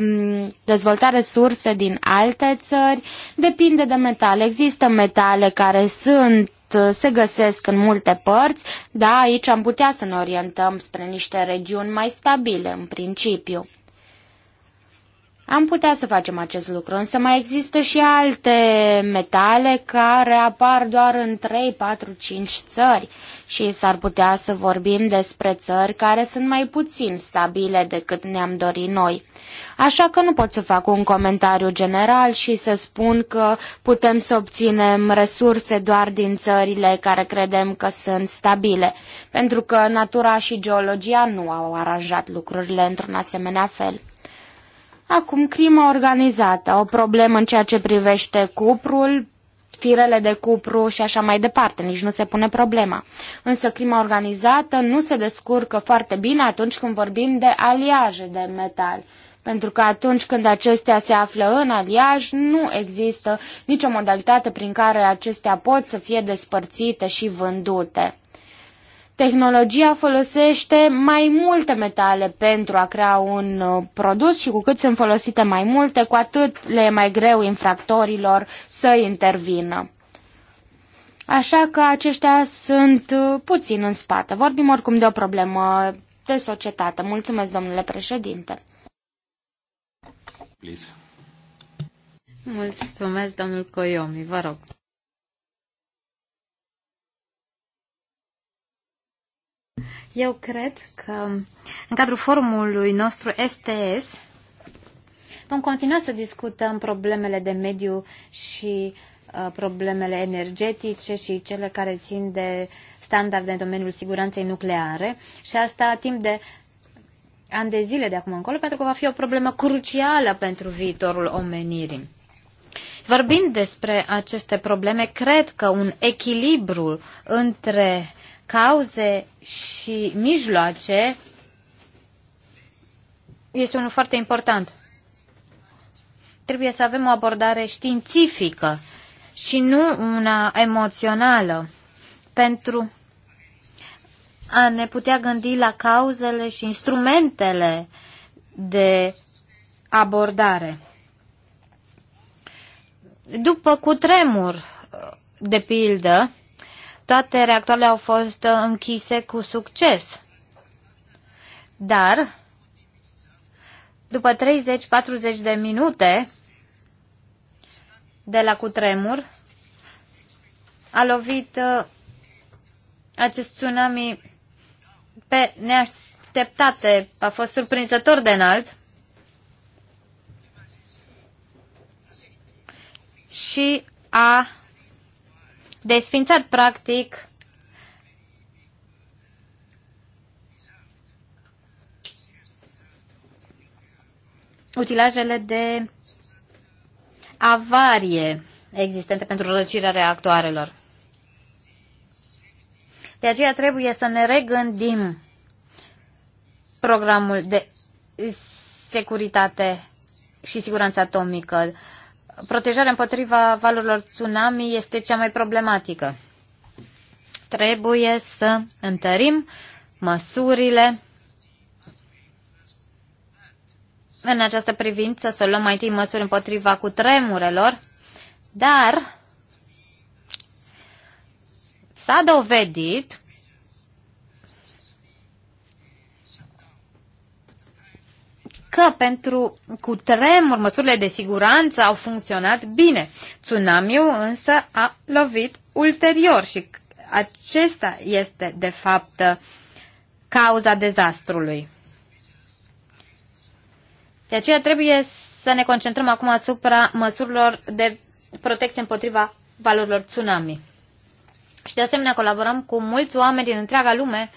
dezvolta resurse din alte țări. Depinde de metale. Există metale care sunt se găsesc în multe părți, dar aici am putea să ne orientăm spre niște regiuni mai stabile, în principiu. Am putea să facem acest lucru, însă mai există și alte metale care apar doar în 3, 4, 5 țări și s-ar putea să vorbim despre țări care sunt mai puțin stabile decât ne-am dorit noi. Așa că nu pot să fac un comentariu general și să spun că putem să obținem resurse doar din țările care credem că sunt stabile, pentru că natura și geologia nu au aranjat lucrurile într-un asemenea fel. Acum, crima organizată, o problemă în ceea ce privește cuprul, firele de cupru și așa mai departe, nici nu se pune problema. Însă crima organizată nu se descurcă foarte bine atunci când vorbim de aliaje de metal, pentru că atunci când acestea se află în aliaj, nu există nicio modalitate prin care acestea pot să fie despărțite și vândute tehnologia folosește mai multe metale pentru a crea un uh, produs și cu cât sunt folosite mai multe, cu atât le e mai greu infractorilor să intervină. Așa că aceștia sunt uh, puțin în spate. Vorbim oricum de o problemă de societate. Mulțumesc, domnule președinte. Please. Mulțumesc, domnul Coiomi, vă rog. Eu cred că în cadrul formului nostru STS vom continua să discutăm problemele de mediu și uh, problemele energetice și cele care țin de standarde în domeniul siguranței nucleare și asta timp de ani de zile de acum încolo, pentru că va fi o problemă crucială pentru viitorul omenirii. Vorbind despre aceste probleme, cred că un echilibru între cauze și mijloace este unul foarte important. Trebuie să avem o abordare științifică și nu una emoțională pentru a ne putea gândi la cauzele și instrumentele de abordare. După cutremur, de pildă, toate reactoarele au fost uh, închise cu succes. Dar, după 30-40 de minute de la cutremur, a lovit uh, acest tsunami pe neașteptate, a fost surprinzător de înalt. Și a desfințat practic utilajele de avarie existente pentru răcirea reactoarelor. De aceea trebuie să ne regândim programul de securitate și siguranță atomică protejarea împotriva valurilor tsunami este cea mai problematică. Trebuie să întărim măsurile în această privință, să luăm mai întâi măsuri împotriva cu tremurelor, dar s-a dovedit că pentru cu tremur măsurile de siguranță au funcționat bine. Tsunamiul însă a lovit ulterior și acesta este de fapt cauza dezastrului. De aceea trebuie să ne concentrăm acum asupra măsurilor de protecție împotriva valurilor tsunami. Și de asemenea colaborăm cu mulți oameni din întreaga lume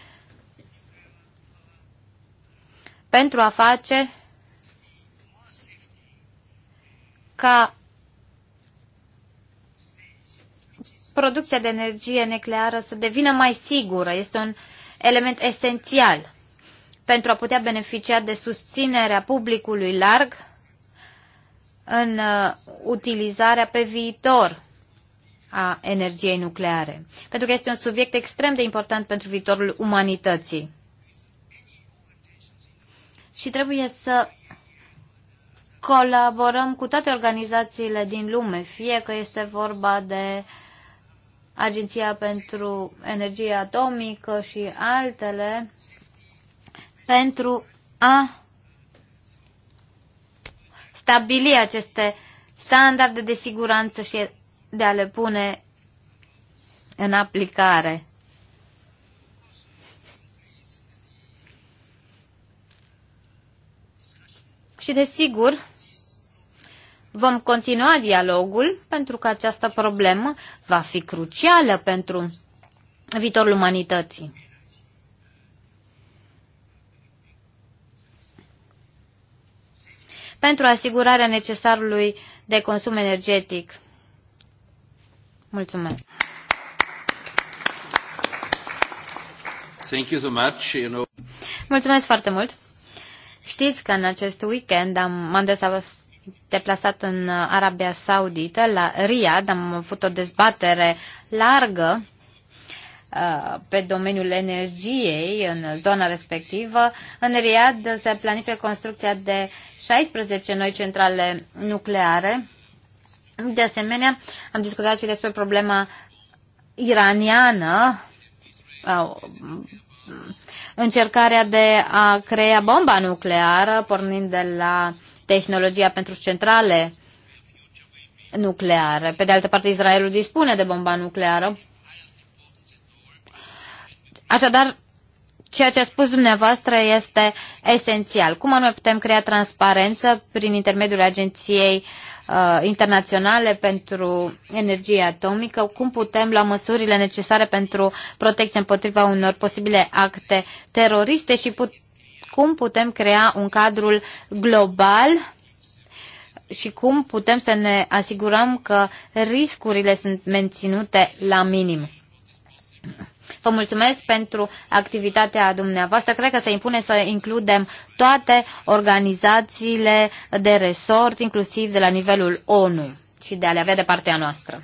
pentru a face ca producția de energie nucleară să devină mai sigură. Este un element esențial pentru a putea beneficia de susținerea publicului larg în uh, utilizarea pe viitor a energiei nucleare, pentru că este un subiect extrem de important pentru viitorul umanității. Și trebuie să Colaborăm cu toate organizațiile din lume, fie că este vorba de Agenția pentru Energie Atomică și altele, pentru a stabili aceste standarde de siguranță și de a le pune în aplicare. Și desigur, vom continua dialogul pentru că această problemă va fi crucială pentru viitorul umanității. pentru asigurarea necesarului de consum energetic. Mulțumesc. Thank you so much. You know... Mulțumesc foarte mult. Știți că în acest weekend am, m-am deplasat în Arabia Saudită, la Riyadh, am avut o dezbatere largă uh, pe domeniul energiei în zona respectivă. În Riad se planifică construcția de 16 noi centrale nucleare. De asemenea, am discutat și despre problema iraniană încercarea de a crea bomba nucleară, pornind de la tehnologia pentru centrale nucleare. Pe de altă parte, Israelul dispune de bomba nucleară. Așadar, ceea ce a spus dumneavoastră este esențial. Cum anume putem crea transparență prin intermediul agenției uh, uh, internaționale pentru energie atomică, cum putem lua măsurile necesare pentru protecție împotriva unor posibile acte teroriste și put- cum putem crea un cadru global și cum putem să ne asigurăm că riscurile sunt menținute la minim. Vă mulțumesc pentru activitatea dumneavoastră. Cred că se impune să includem toate organizațiile de resort, inclusiv de la nivelul ONU și de a le avea de partea noastră.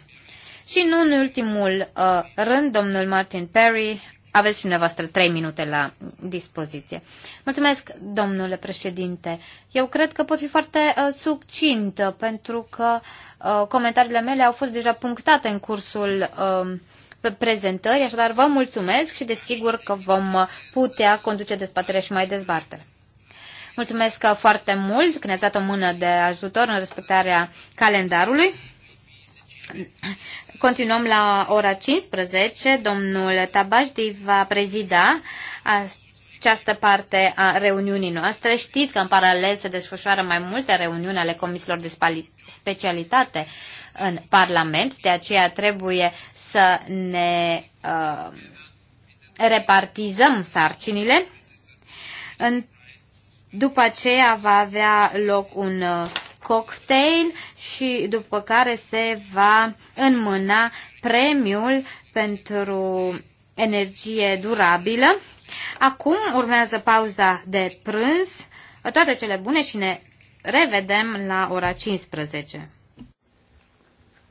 Și nu în ultimul uh, rând, domnul Martin Perry, aveți și dumneavoastră trei minute la dispoziție. Mulțumesc, domnule președinte. Eu cred că pot fi foarte uh, succintă, uh, pentru că uh, comentariile mele au fost deja punctate în cursul uh, prezentări, așadar vă mulțumesc și desigur că vom putea conduce dezbatere și mai dezbatere. Mulțumesc foarte mult că ne-ați dat o mână de ajutor în respectarea calendarului. Continuăm la ora 15. Domnul Tabajdi va prezida această parte a reuniunii noastre. Știți că în paralel se desfășoară mai multe reuniuni ale comisiilor de specialitate în Parlament, de aceea trebuie să ne uh, repartizăm sarcinile. după aceea va avea loc un uh, cocktail și după care se va înmâna premiul pentru energie durabilă. Acum urmează pauza de prânz. Toate cele bune și ne revedem la ora 15.